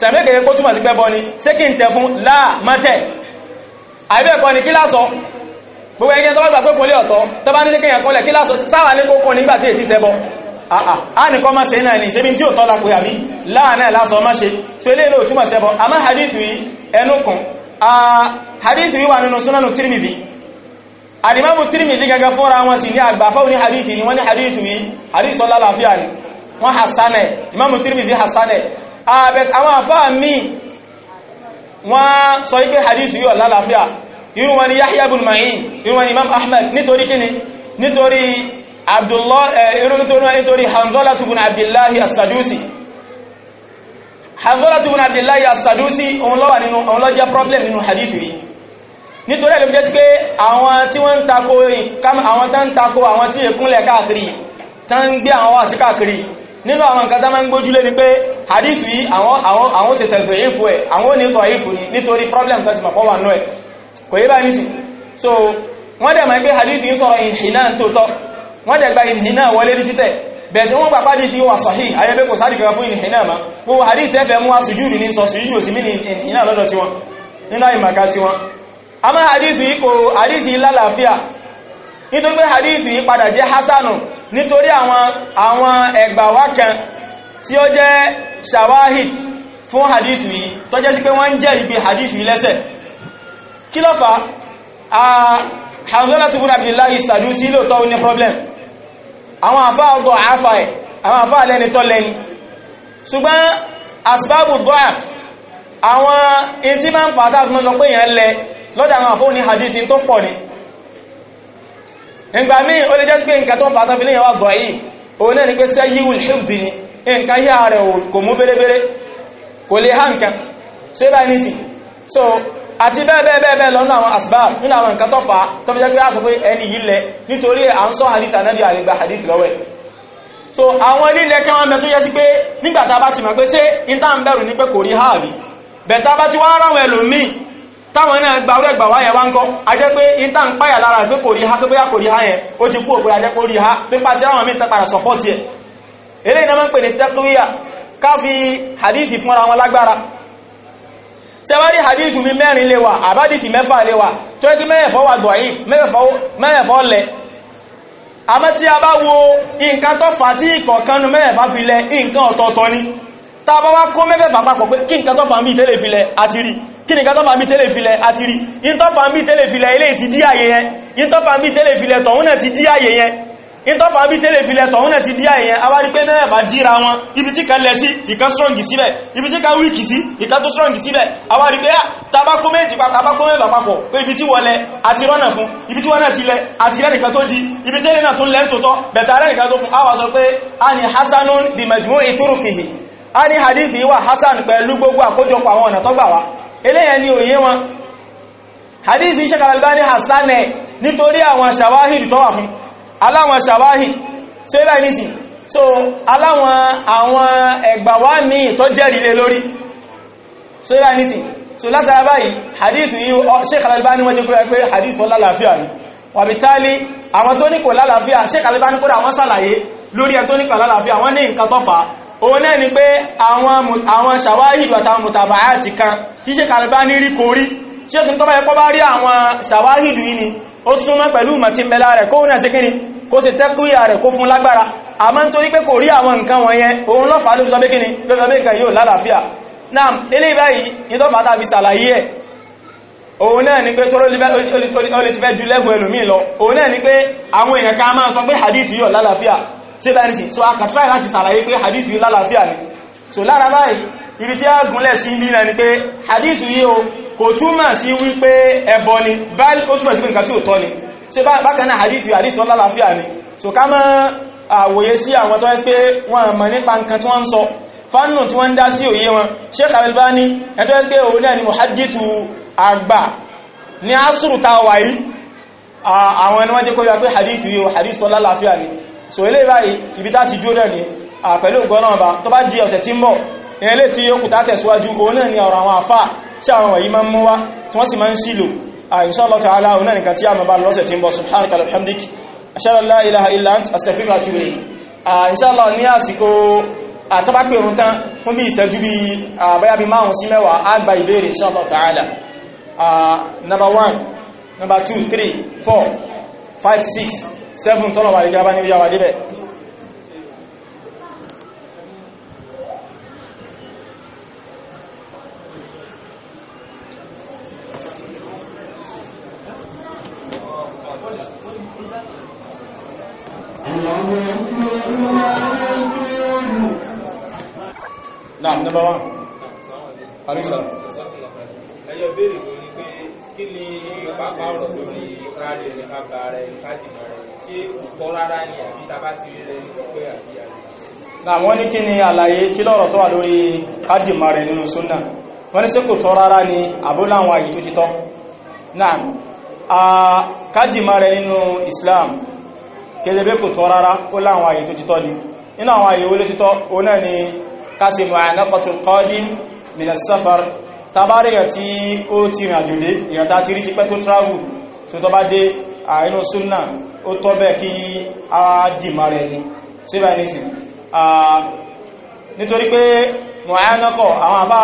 ṣàbẹ́kẹ̀ẹ́ kó túnmà sí pẹ́ bọ́ ni ṣé gbogbo ẹgbẹ́ tó pé kò lé ọ̀tọ̀ tó ní ṣe kéèyàn kọ́lẹ̀ kí lásọ sáwà ní kókó nígbà èfi ṣẹbọ a ah, ah. ní kọ́ máa ṣe náà ní ṣe bí tí ó tọ́lá pé àbí láàánà lásọ máa ṣe tó ilé ilé òtúmọ̀ sẹ́bọ̀ a máa hadithu yìí ẹnukùn a ah, hadithu yìí wà nínú súnánù tírímìdì alimamu tírímìdì gẹ́gẹ́ fúnra wọn sì ní àgbàfọ́ ní hadithu ni wọ́n ní hadithu yìí hadithu ọlá láfíà ni wọ́n hasanẹ̀ imamu tírímìdì hasanẹ̀ abẹ́t àwọn afá mi wọ́n sọ ipé hadithu yìí ọlá láfíà irú wọn ni yahya bin ma'in irú wọn ni imam ahmed nítorí kíni nítorí abdullah eh, irun tó náà nítorí hanzola tubun abdullahi asadusi hanzola tubun abdullahi asadusi òun lọ́wà nínú òun ló jẹ́ problem ninu hadithu yìí nítorí ẹ̀lú jẹ́ sí pé àwọn tí wọ́n ń tako àwọn tán ń tako àwọn tí èkúnlẹ̀ káàkiri tán ń gbé àwọn wá sí káàkiri nínú àwọn nǹkan tán máa ń gbójúlé ni pé hadithu yìí àwọn ṣe tẹ̀sọ̀ ìfò ẹ̀ àwọn onítọ̀ ìfò ni nítorí problem kan ti mọ̀ so wọ́n dẹ̀ máa wọ́n dẹ̀ gba ìrìn náà wọlé ní títẹ̀ bẹ̀ẹ̀sì wọ́n gbà pàdé tí ó wà sọ̀hí ayẹ́bẹ́ kò sáàdì kan fún ìrìn náà ma gbogbo àdísì ẹ̀fẹ́ mú asùjúrù ní sọ sùjúrù òsì mí ní ìrìn náà lọ́dọ̀ tiwọn nínú ìmàkà tiwọn a máa àdísì ipò àdísì lálàáfíà nítorí pé àdísì padà jẹ́ hasanu nítorí àwọn àwọn ẹgbà wá kan tí ó jẹ́ shawahid fún àdísì yìí tó jẹ́ sí pé wọ́n ń jẹ́rìí pé àdísì yìí lẹ́sẹ̀ kí ló fà á ah, Hanzala tubun Abdullahi Sadusi lóòótọ́ ó ní problem àwọn àfá ọgọ́ àfá ẹ̀ àwọn àfá lẹ́ni tọ́ lẹ́ni ṣùgbọ́n asbábù dọ́àf àwọn in tí máa ń fàtà fún lọ pé èèyàn lẹ lọ́dà àwọn àfó ní hadithi tó pọ̀ ni ìgbà míì ó lè jẹ́ pé nǹkan tó ń fàtà fílẹ̀ wà gọ̀ yìí òun náà ni pé sẹ́ yíwù ṣùgbì ni nǹkan yá rẹ̀ kò mú bérébéré kò so àti bẹ́ẹ̀bẹ́ẹ̀bẹ́ẹ̀ lọ́nà àwọn asbab nínú àwọn nǹkan tọ́fà tó fi jẹ́ pé àṣọ pé ẹni yìí lẹ nítorí à ń sọ hadith anábì àrígbà hadith lọ́wẹ́ so àwọn lílẹ̀ kí wọ́n mẹ́ tó yẹ sí pé nígbàtà bá ti mọ̀ pé ṣé ìta ń bẹ̀rù ní pé kò rí háàbí bẹ̀ta bá ti wá ráwọn ẹlòmíì táwọn náà gba orẹ́gbà wá yẹn wá ń kọ́ a jẹ́ pé ìta ń páyà lára pé kò rí ha tó bóyá kò rí ha yẹn ó ti kú òpin ajẹ́ kó rí ha tó pàtí àwọn míì tẹ́pàdà sọ̀pọ́tì ẹ̀ eléyìí náà máa ń pè ní tẹ́kúríyà ká fi hadithi fúnra wọn lágbára sẹ́wárí hadithu mi mẹ́rin lè wà àbádìtì mẹ́fà lè wà tó ẹgbẹ́ mẹ́ẹ̀fọ́ wà dọ̀yí mẹ́ẹ̀fọ́ lẹ àmọ́ tí a bá wo nǹkan tó fà tí ìkọ̀ọ̀kan mẹ́ẹ̀fà fi lẹ nǹkan ọ̀tọ̀ọ̀tọ̀ ni tá a bá wá kó mẹ́fẹ̀fà papọ̀ pé kí nǹkan tó fà ń bí tẹ́lẹ̀ filẹ̀ àti kí nǹkan tó fà ń bí tẹ́lẹ̀ filẹ̀ àti rí in tó fà ń bí tẹ́lẹ̀ filẹ̀ ilé ti dí àyè yẹn in tó fà ń bí tẹ́lẹ̀ filẹ̀ tọ̀hún náà ti dí àyè yẹn ìtọ́fà bí tẹ́lẹ̀ fi lẹ́tọ̀ oúnẹ̀ ti díà èyàn awárí pé mẹ́rẹ̀ bá jíra wọn ibi tí kan lẹ sí ìkan strong síbẹ̀ ibi tí kan weak sí ìkan tó strong síbẹ̀ awárí pé ah, tabakó méjì tabakó méjì papọ̀ pé ibi tí wọlẹ̀ àti rọ́nà fún ibi tí wọ́n ti lẹ àti rẹ́nìkan tó di ibi tẹ́lẹ̀ náà tó lẹ́ bẹ̀tà hadithi wa hasan pẹ̀lú gbogbo àkójọpọ̀ àwọn ọ̀nà tó gbà wá eléyẹn ni òye wọn hadithi Sheikh Al-Albani hasanẹ̀ nítorí àwọn shawahid tó wà fún aláwọn ṣàwáhì ṣe bá ní sí so aláwọn àwọn ẹgbà wá ní tó jẹ́rìí lé lórí ṣe bá ní sí so látara báyìí hadith yìí Sheikh Al-Albani wọ́n jẹ́ kúrò pé hadith tó lálàáfíà ni wàbítálí àwọn tó ní kò lálàáfíà Sheikh Al-Albani kódà àwọn sàlàyé lórí ẹ̀ tó ní kò lálàáfíà wọ́n ní nǹkan tó fà á òun náà ni pé àwọn ṣàwáhìdù àtàwọn mùtàbàá ti kan tí Sheikh Al-Albani rí kò ṣe kí n tọ́bá ẹkọ́ bá rí àwọn ṣàwáhìdù yìí ni ó súnmọ́ pẹ̀lú màtí mẹ́lá rẹ̀ kó náà sí kíni kó sì tẹ́kúyà rẹ̀ kó fún lágbára àmọ́ nítorí pé kò rí àwọn nǹkan wọ̀nyẹn òun lọ́fà ló sọ pé kíni ló sọ pé nǹkan yóò lálàáfíà náà ilé báyìí ìtọ́fà tàbí sàlàyé ẹ̀ òun náà ni pé so akàtúrà láti sàlàyé pé hadith yóò lálàáfíà so lára báyìí ibi tí a gúnlẹ̀ sí bí náà kò túmọ̀ sí wípé ẹbọ ni báyìí ó túmọ̀ sí pé nǹkan tí ò tọ́ ni ṣe bákan náà hadithi lálàáfíà ni so ká mọ́ àwòye sí àwọn tó ẹ́sí pé wọ́n mọ̀ nípa nǹkan tí wọ́n ń sọ fánù tí wọ́n ń dá sí òye wọn Sheikh al ni muhadithu àgbà ní asùrù ta wà yìí àwọn ẹni wọ́n jẹ́ kó ni so eléyìí báyìí ibi tá ti dúró náà ni pẹ̀lú ògbọ́n náà ilé tí yóò kù tátẹ̀síwájú òun náà ni ọ̀rọ̀ àwọn àfá tí àwọn wọ̀nyí máa ń mú wá tí wọ́n sì máa ń sílò insha Allah ta'ala òun náà nìkan tí a mọ̀ bá lọ́sẹ̀ tí ń bọ̀ subhanaka alhamdik ashhadu an la ilaha illa anta astaghfiruka wa atubu ilayk insha Allah ní àsìkò àtàbápẹ̀rún tán fún bí ìṣẹ́jú bí àbáyá bí márùn sí mẹ́wàá àgbà ìbéèrè insha Allah ta'ala number one number two three four five six seven tọ́lọ̀wà ìjábá ní ó yà wà débẹ̀ na wọ́n ní kí ni àlàyé kí lọ́rọ̀ tó wà lórí kádìmà rẹ̀ nínú súnnà wọ́n ní sí kò tọ́ rárá ni àbúláwọn àyí tó ti tọ́ náà a rẹ̀ nínú Islam kẹlẹ̀bẹ́ kò tọ́ rárá ó láwọn àyí tó ti tọ́ ni nínú àwọn àyí olóṣì tọ́ ó náà ni kásì mu'anaqatul qadim min as-safar tabárìyà tí ó ti rìn àjò dé ìrìnàta ti rí ti pẹ́ tó travel tó tọ́ bá nítorí pé mọ̀háyánákọ̀ àwọn àbá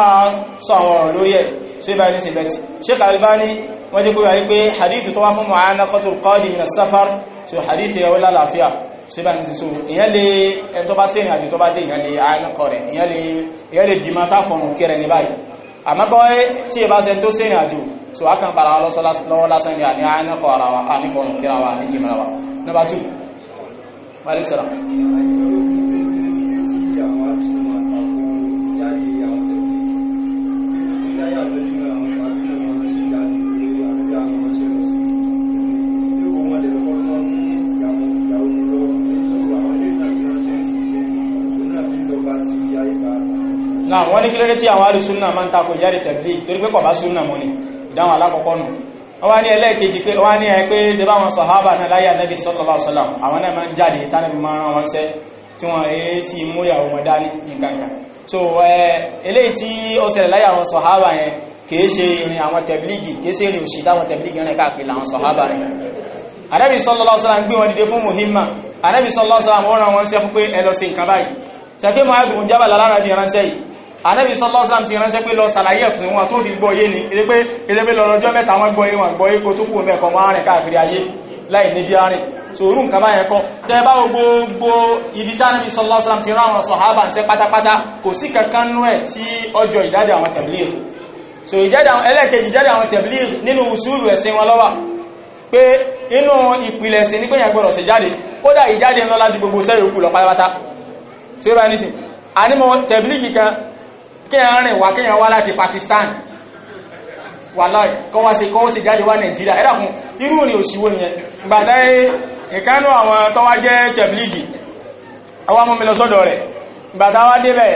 sọ àwọn ọ̀rọ̀ lórí ẹ̀ ṣe bá ní síbẹ̀tì Sheikh Albani wọ́n jẹ́ kúrò wípé hadith tó wá fún mọ̀háyánákọ̀tù kọ́dì min as-safar so hadith yẹwọ́ lálàáfíà ṣe bá ní sísọ ìyẹn lè ẹn tó bá sí ìrìnàjò tó bá dé ìyẹn lè àyánákọ̀ rẹ̀ ìyẹn lè dìímọ̀ táfọ̀nù kẹrẹ ní báyìí àmọ́kọ́ kí lórí tí àwọn alùsúnnà máa ń takò ìjáde tẹ̀lé torí pé kọ̀bá súnnà mọ́ ni ìdáhùn alákọ̀ọ́kọ́ nù wọ́n ní ẹlẹ́ẹ̀kejì pé wọ́n ní ẹ ṣe bá wọn sọ̀hábà náà láyé ànábì sallallahu alaihi wasallam àwọn náà máa ń jáde tánàbí máa rán wọn sẹ́ tí wọ́n èé sí múyàwó wọn dání nǹkankan so eléyìí tí ó ṣẹlẹ̀ láyé àwọn sọ̀hábà yẹn kìí ṣe ìrìn sallallahu alaihi wasallam gbé wọn dìde fún muhimma sallallahu alaihi wasallam wọ́n rán wọn sẹ́ fún pé ẹ lọ sí nǹkan báyìí sẹ́fẹ́ Ànábì sallallahu alaihi wasallam ti ránṣẹ́ pé lọ sàlàyé fún wọn tó fi gbọ́yé ni ilé pé ilé pé lọ lọ́jọ́ mẹ́ta wọn gbọ́yé wọn gbọ́yé kó tó kù mẹ́kọ̀ wọn rìn káàkiri ayé láì níbi arìn so orú nǹkan báyẹn kọ́ tẹ́ bá gbogbo ibi tí Ànábì sallallahu alaihi wasallam ti rán àwọn sàhábà ń ṣe pátápátá so ìjáde àwọn ẹlẹ́kejì ìjáde àwọn Tabligh nínú usulu ẹ̀sìn wọn ló wà pé inú ìpìlẹ̀ ẹ̀sìn ní pé yẹn gbọ́dọ̀ ṣe jáde kódà ìjáde ńlọ́lá ju gbogbo a rìn wá kéèyàn wá láti Pakistan wàláì kọ́ wá sí kọ́ ó sì jáde wá Nàìjíríà ẹ́dàkùn irú ni òṣìwò nìyẹn gbàtẹ́ ìkánú àwọn tó jẹ́ àwọn ọmọ mi lọ sọ́dọ̀ rẹ̀ gbàtà wá débẹ̀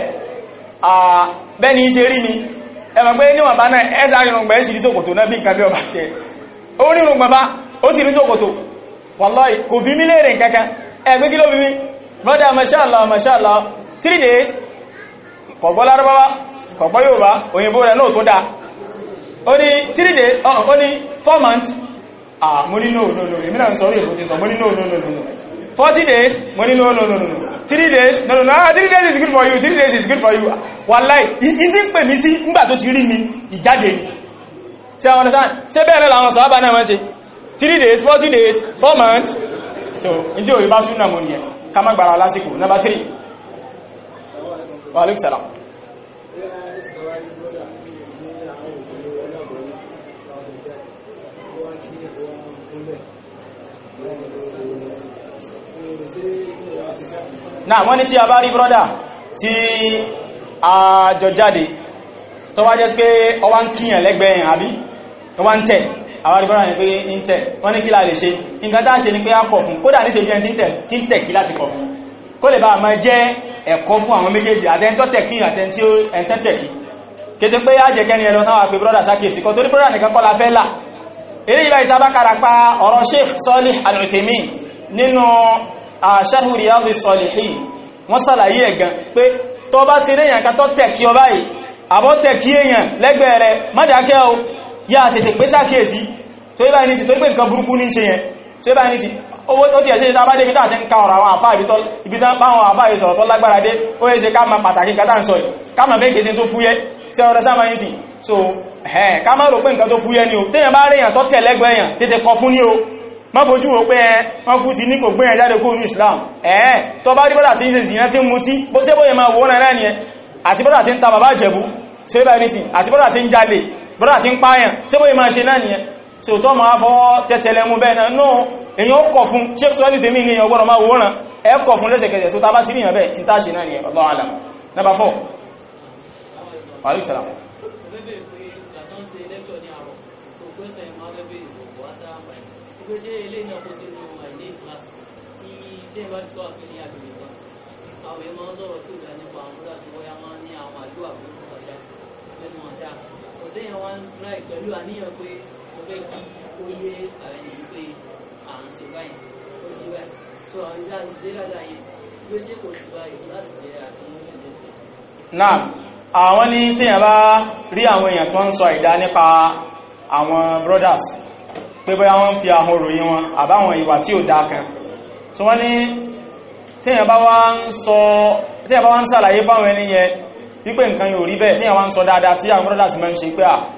bẹ́ni ṣe rí ni ẹmọ̀ pé níwọ̀n bá náà rí náà bí nǹkan bí ọba ṣe ó ó sì rí kò bí mí kankan kí kọ̀gbọ́ lárúbáwá kọ̀gbọ́ yorùbá òyìnbó rẹ̀ náà tó dáa ó ní three days ó ní four months ah money no no no èmi náà ń sọ orí èbó ti sọ mo no no no no forty days money no no no no three days no no no ah three days is good for you three days is good for you wàláì ìdí ń pè mí sí ńgbà tó ti rí mi ìjáde ni ṣe àwọn ọ̀nà ṣe bẹ́ẹ̀ lọ́wọ́ sọ ábà náà wọ́n ṣe Three days forty days four months so ìjí òyìnbá súnà mọ̀ ní ẹ̀ ká má gbára lásìkò number three wa alaikum salam náà wọ́n ti tí a bá rí brọ́dà tí a jọ jáde tó wá jẹ́ sí pé ọwá ń kíyàn lẹ́gbẹ̀ẹ́ yàn àbí ọwá ń tẹ̀ àwárí brọ́dà ní pé ń tẹ̀ wọ́n ní kí la lè ṣe nǹkan tá ṣe ni pé a kọ̀ fún kódà ní ṣe bí ẹni tí ń tẹ̀ kí láti kọ̀ fún kó lè bá máa jẹ́ ẹ̀kọ́ fún àwọn méjèèjì àtẹ́ntọ́tẹ̀kí àtẹ́ntẹ́kí kété pé yáà jẹ́ kẹ́ni ẹ̀lọ náà pé brọ́dà sákèsì kan torí brọ́dà nìkan kọ́lá fẹ́ là eré ìbá ìtaba karapa ọ̀rọ̀ Sheikh Salih Al-Uthaymeen nínú Sharh Riyadh Salihin wọ́n sàlàyé ẹ̀gàn pé tó bá ti réyàn ká tó tẹ̀kí ọ báyìí àbọ́ tẹ̀kí èèyàn lẹ́gbẹ̀ẹ́ rẹ̀ mọ́dàkẹ́ o yá tètè ṣe bá ní sí owó tó tí ẹ̀ ṣe ṣe tábádé ibi tàṣẹ ń ka ọ̀rọ̀ àwọn àfáà ibi tán báwọn àfáà ìṣọ̀rọ̀ tó lágbára dé ó yẹ ṣe ká ma pàtàkì nǹkan tàn sọ yìí ká ma bẹ́ẹ̀ kèsí tó fúyẹ́ sí ọ̀rọ̀ sáà máa ń sìn so ẹ̀ ká má rò pé nǹkan tó fúyẹ́ ni o téèyàn bá réyàn tó tẹ̀ lẹ́gbẹ̀ẹ́ èèyàn tètè kọ fún ni o má fojú wo pé ẹ wọ́n kú ti ní kò gbé ẹ̀ jáde kó ní Islam ẹ̀ tó bá rí bọ́dà tí ń ṣe ìyẹn tí ń mutí bó ṣe bóyẹ máa wò náà náà nìyẹn àti bọ́dà tí ń ta bàbá Ìjẹ̀bú so tó ma fọ́ tẹ́tẹ̀lẹ̀ mú bẹ́ẹ̀ náà náà èyàn kọ̀ fún sheikh sọ́lẹ̀ tèmi ní ọgbọ́n ma wòrán ẹ kọ̀ fún lẹ́sẹ̀kẹsẹ̀ so ta bá ti ríyàn bẹ́ẹ̀ ní táṣe náà ni ọlọ́ alam number four wàhálù ìṣàlá ọ̀dẹ́yàn wọn fẹ́ kí ó yé àwọn èyí pé à ń ṣe báyìí ó ti báyìí so àwọn ìdá ń dáadáa yẹn bí ṣe kò ṣù báyìí láti jẹ àti mú sí lè náà àwọn ní téèyàn bá rí àwọn èèyàn tó ń sọ ìdá nípa àwọn brothers pé bóyá wọ́n fi àwọn òròyìn wọn àbáwọn ìwà tí ò dáa kan tí wọ́n ní téèyàn bá wá ń ṣàlàyé fáwọn ẹni yẹn wípé nǹkan yóò rí bẹ́ẹ̀ téèyàn wá ń sọ dáadáa tí àwọn brothers máa ṣe pé à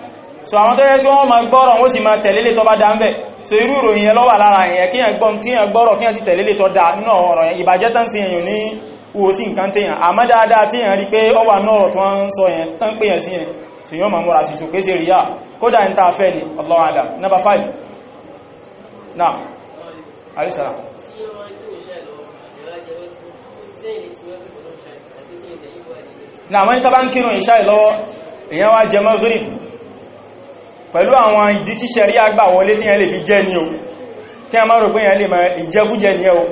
so àwọn tó yẹ kí wọ́n máa gbọ́rọ̀ wọ́n sì máa tẹ̀lélé tó bá dá ń bẹ̀ so irú ìròyìn yẹn lọ́wà lára yẹn kí yẹn gbọ́n kí yẹn gbọ́rọ̀ kí yẹn sì tẹ̀lélé tó dá nínú ọ̀rọ̀ yẹn ìbàjẹ́ tán sí èèyàn ní wo sí nǹkan téèyàn àmọ́ dáadáa tí yẹn rí pé ó wà náà ọ̀rọ̀ tó ń sọ yẹn tán pè yẹn sí yẹn so yóò máa múra sí so kése ríyà kódà ń ta fẹ́ ni Allahu a'lam number five now alisara na àwọn ẹni bá ń kírun ìṣá ìlọ́wọ́ èèyàn wá jẹ mọ́ gírìpù pẹ̀lú àwọn ìdí tí ṣẹ̀rí àgbà wọlé tí yẹn lè fi jẹ́ ní o kí a máa rò pé yẹn lè máa ìjẹkújẹ ní ẹ o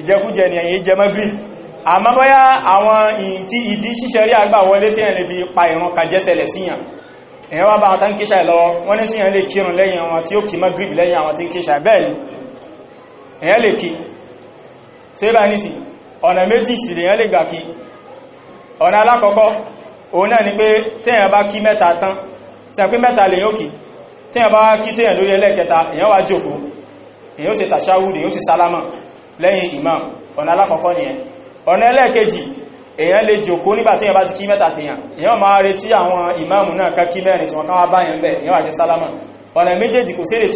ìjẹkújẹ ní ẹ̀yìn jẹ mẹ́gbìn àmọ́ bóyá àwọn ìdí tí ṣẹ̀rí àgbà wọlé tí yẹn lè fi pa ìran kàjẹ́sẹ̀lẹ̀ síyàn èyàn wá bá àwọn tán kíṣà lọ wọ́n ní síyàn lè kírun lẹ́yìn àwọn tí ó kì mẹ́gbìn lẹ́yìn àwọn ni èyàn lè kí tó yẹ bá ní ọ̀nà méjì sì lèyàn lè gbà kí ọ̀nà alákọ̀ọ́kọ́ òun náà ni pé téèyàn bá kí mẹ́ta tán sẹ́yìn pé mẹ́ta lè yókì téèyàn bá kí téèyàn lórí ẹlẹ́kẹta èèyàn wá jókòó èèyàn ó sì tàṣáwùd èèyàn ó sì sálámà lẹ́yìn imam ọ̀nà alákọ̀ọ́kọ́ nìyẹn ọ̀nà ẹlẹ́ẹ̀kejì èèyàn lè jókòó nígbà téèyàn bá ti kí mẹ́ta téèyàn èèyàn máa retí àwọn imam náà ká kí mẹ́rin tí wọ́n ká wá báyẹn bẹ́ẹ̀ èèyàn wá jẹ́ sálámà ọ̀nà méjèèjì kò sí èrè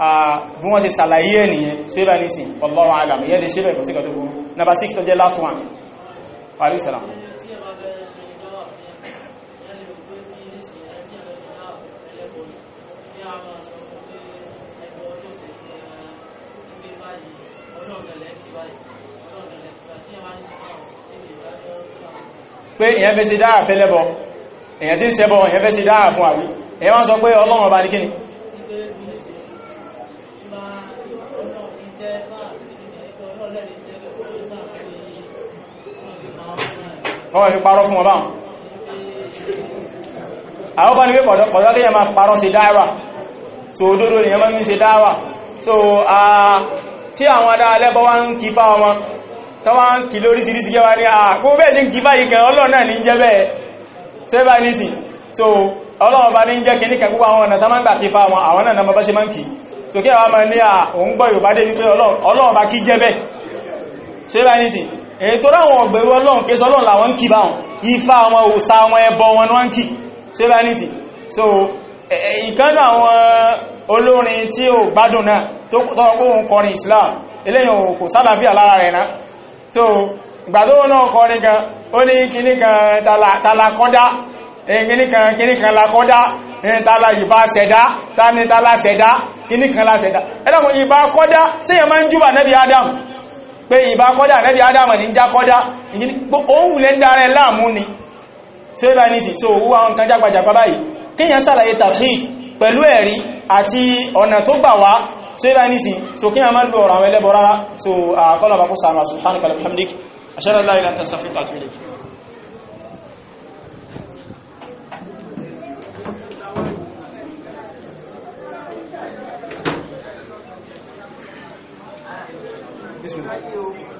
bí wọ́n ṣe ṣàlàyé ẹ̀nìyàn ṣe bá nísìn Allahu alam ìyẹ́ lè ṣe bẹ̀rẹ̀ sí kàtó burú number six tó jẹ́ last one parí salam pé èyàn fẹ́ sí dáa fẹ́lẹ́bọ̀ èyàn tí ń ṣẹbọ èyàn fẹ́ sí dáa fún àwí èyàn wọ́n sọ pé Ọlọ́run ọba ní kíni wọ́n fi parọ́ fún ọba àwọn kan ní pé pọ̀tọ́ kí yẹn máa parọ́ sí dáwà so òdodo ni yẹn máa ń ṣe dáwà so tí àwọn adá alẹ́bọ́ wá ń kí fá wọn tó wá ń kí lóríṣiríṣi gẹ́wà sí ń kí ní jẹ́ bẹ́ẹ̀ sẹ́bà so ọlọ́run bá ní jẹ́ kí ní kẹ́kọ́ àwọn ọ̀nà tó máa ń kí so kí àwọn máa ní à òun gbọ́ Yorùbá dé wípé èyí eh, tó ráwọn ọ̀gbẹ̀rú ọlọ́run kéṣọ́ ọlọ́run làwọn ń kí bá wọn ifá wọn òsà wọn ẹbọ wọn ni wọ́n kí ṣé bá ní sí so eh, eh, ìkan náà àwọn olórin tí ó gbádùn náà tó tọ́wọ́ pé òun kọrin Islam eléyìn kò sálàáfíà lára rẹ̀ náà so ìgbà tó náà kọrin kan ó ní kíní kan talakọ́dá kíní kan kíní kan tala ìbá ṣẹ̀dá tani tala ṣẹ̀dá kíní kan la ṣẹ̀dá ẹ̀dàkùn ìbá kọ́dá tí Adam pé ìbá kọ́dá nẹ́bí Ádámù ní já kọ́dá òun lẹ́ dára láàmú ni tí ó bá ní sí tí ó wúwa nǹkan jágbàjàgbà báyìí kíyàn sàlàyé tawhid pẹ̀lú ẹ̀rí àti ọ̀nà tó gbà wá tí ó bá ní sí so kíyàn má lù ọ̀rọ̀ àwọn ẹlẹ́bọ̀ rárá so àkọlọ̀bà kó sàmà subhanaka wa bihamdik ashhadu an la ilaha illa anta astaghfiruka wa atubu ilayk Bismillah.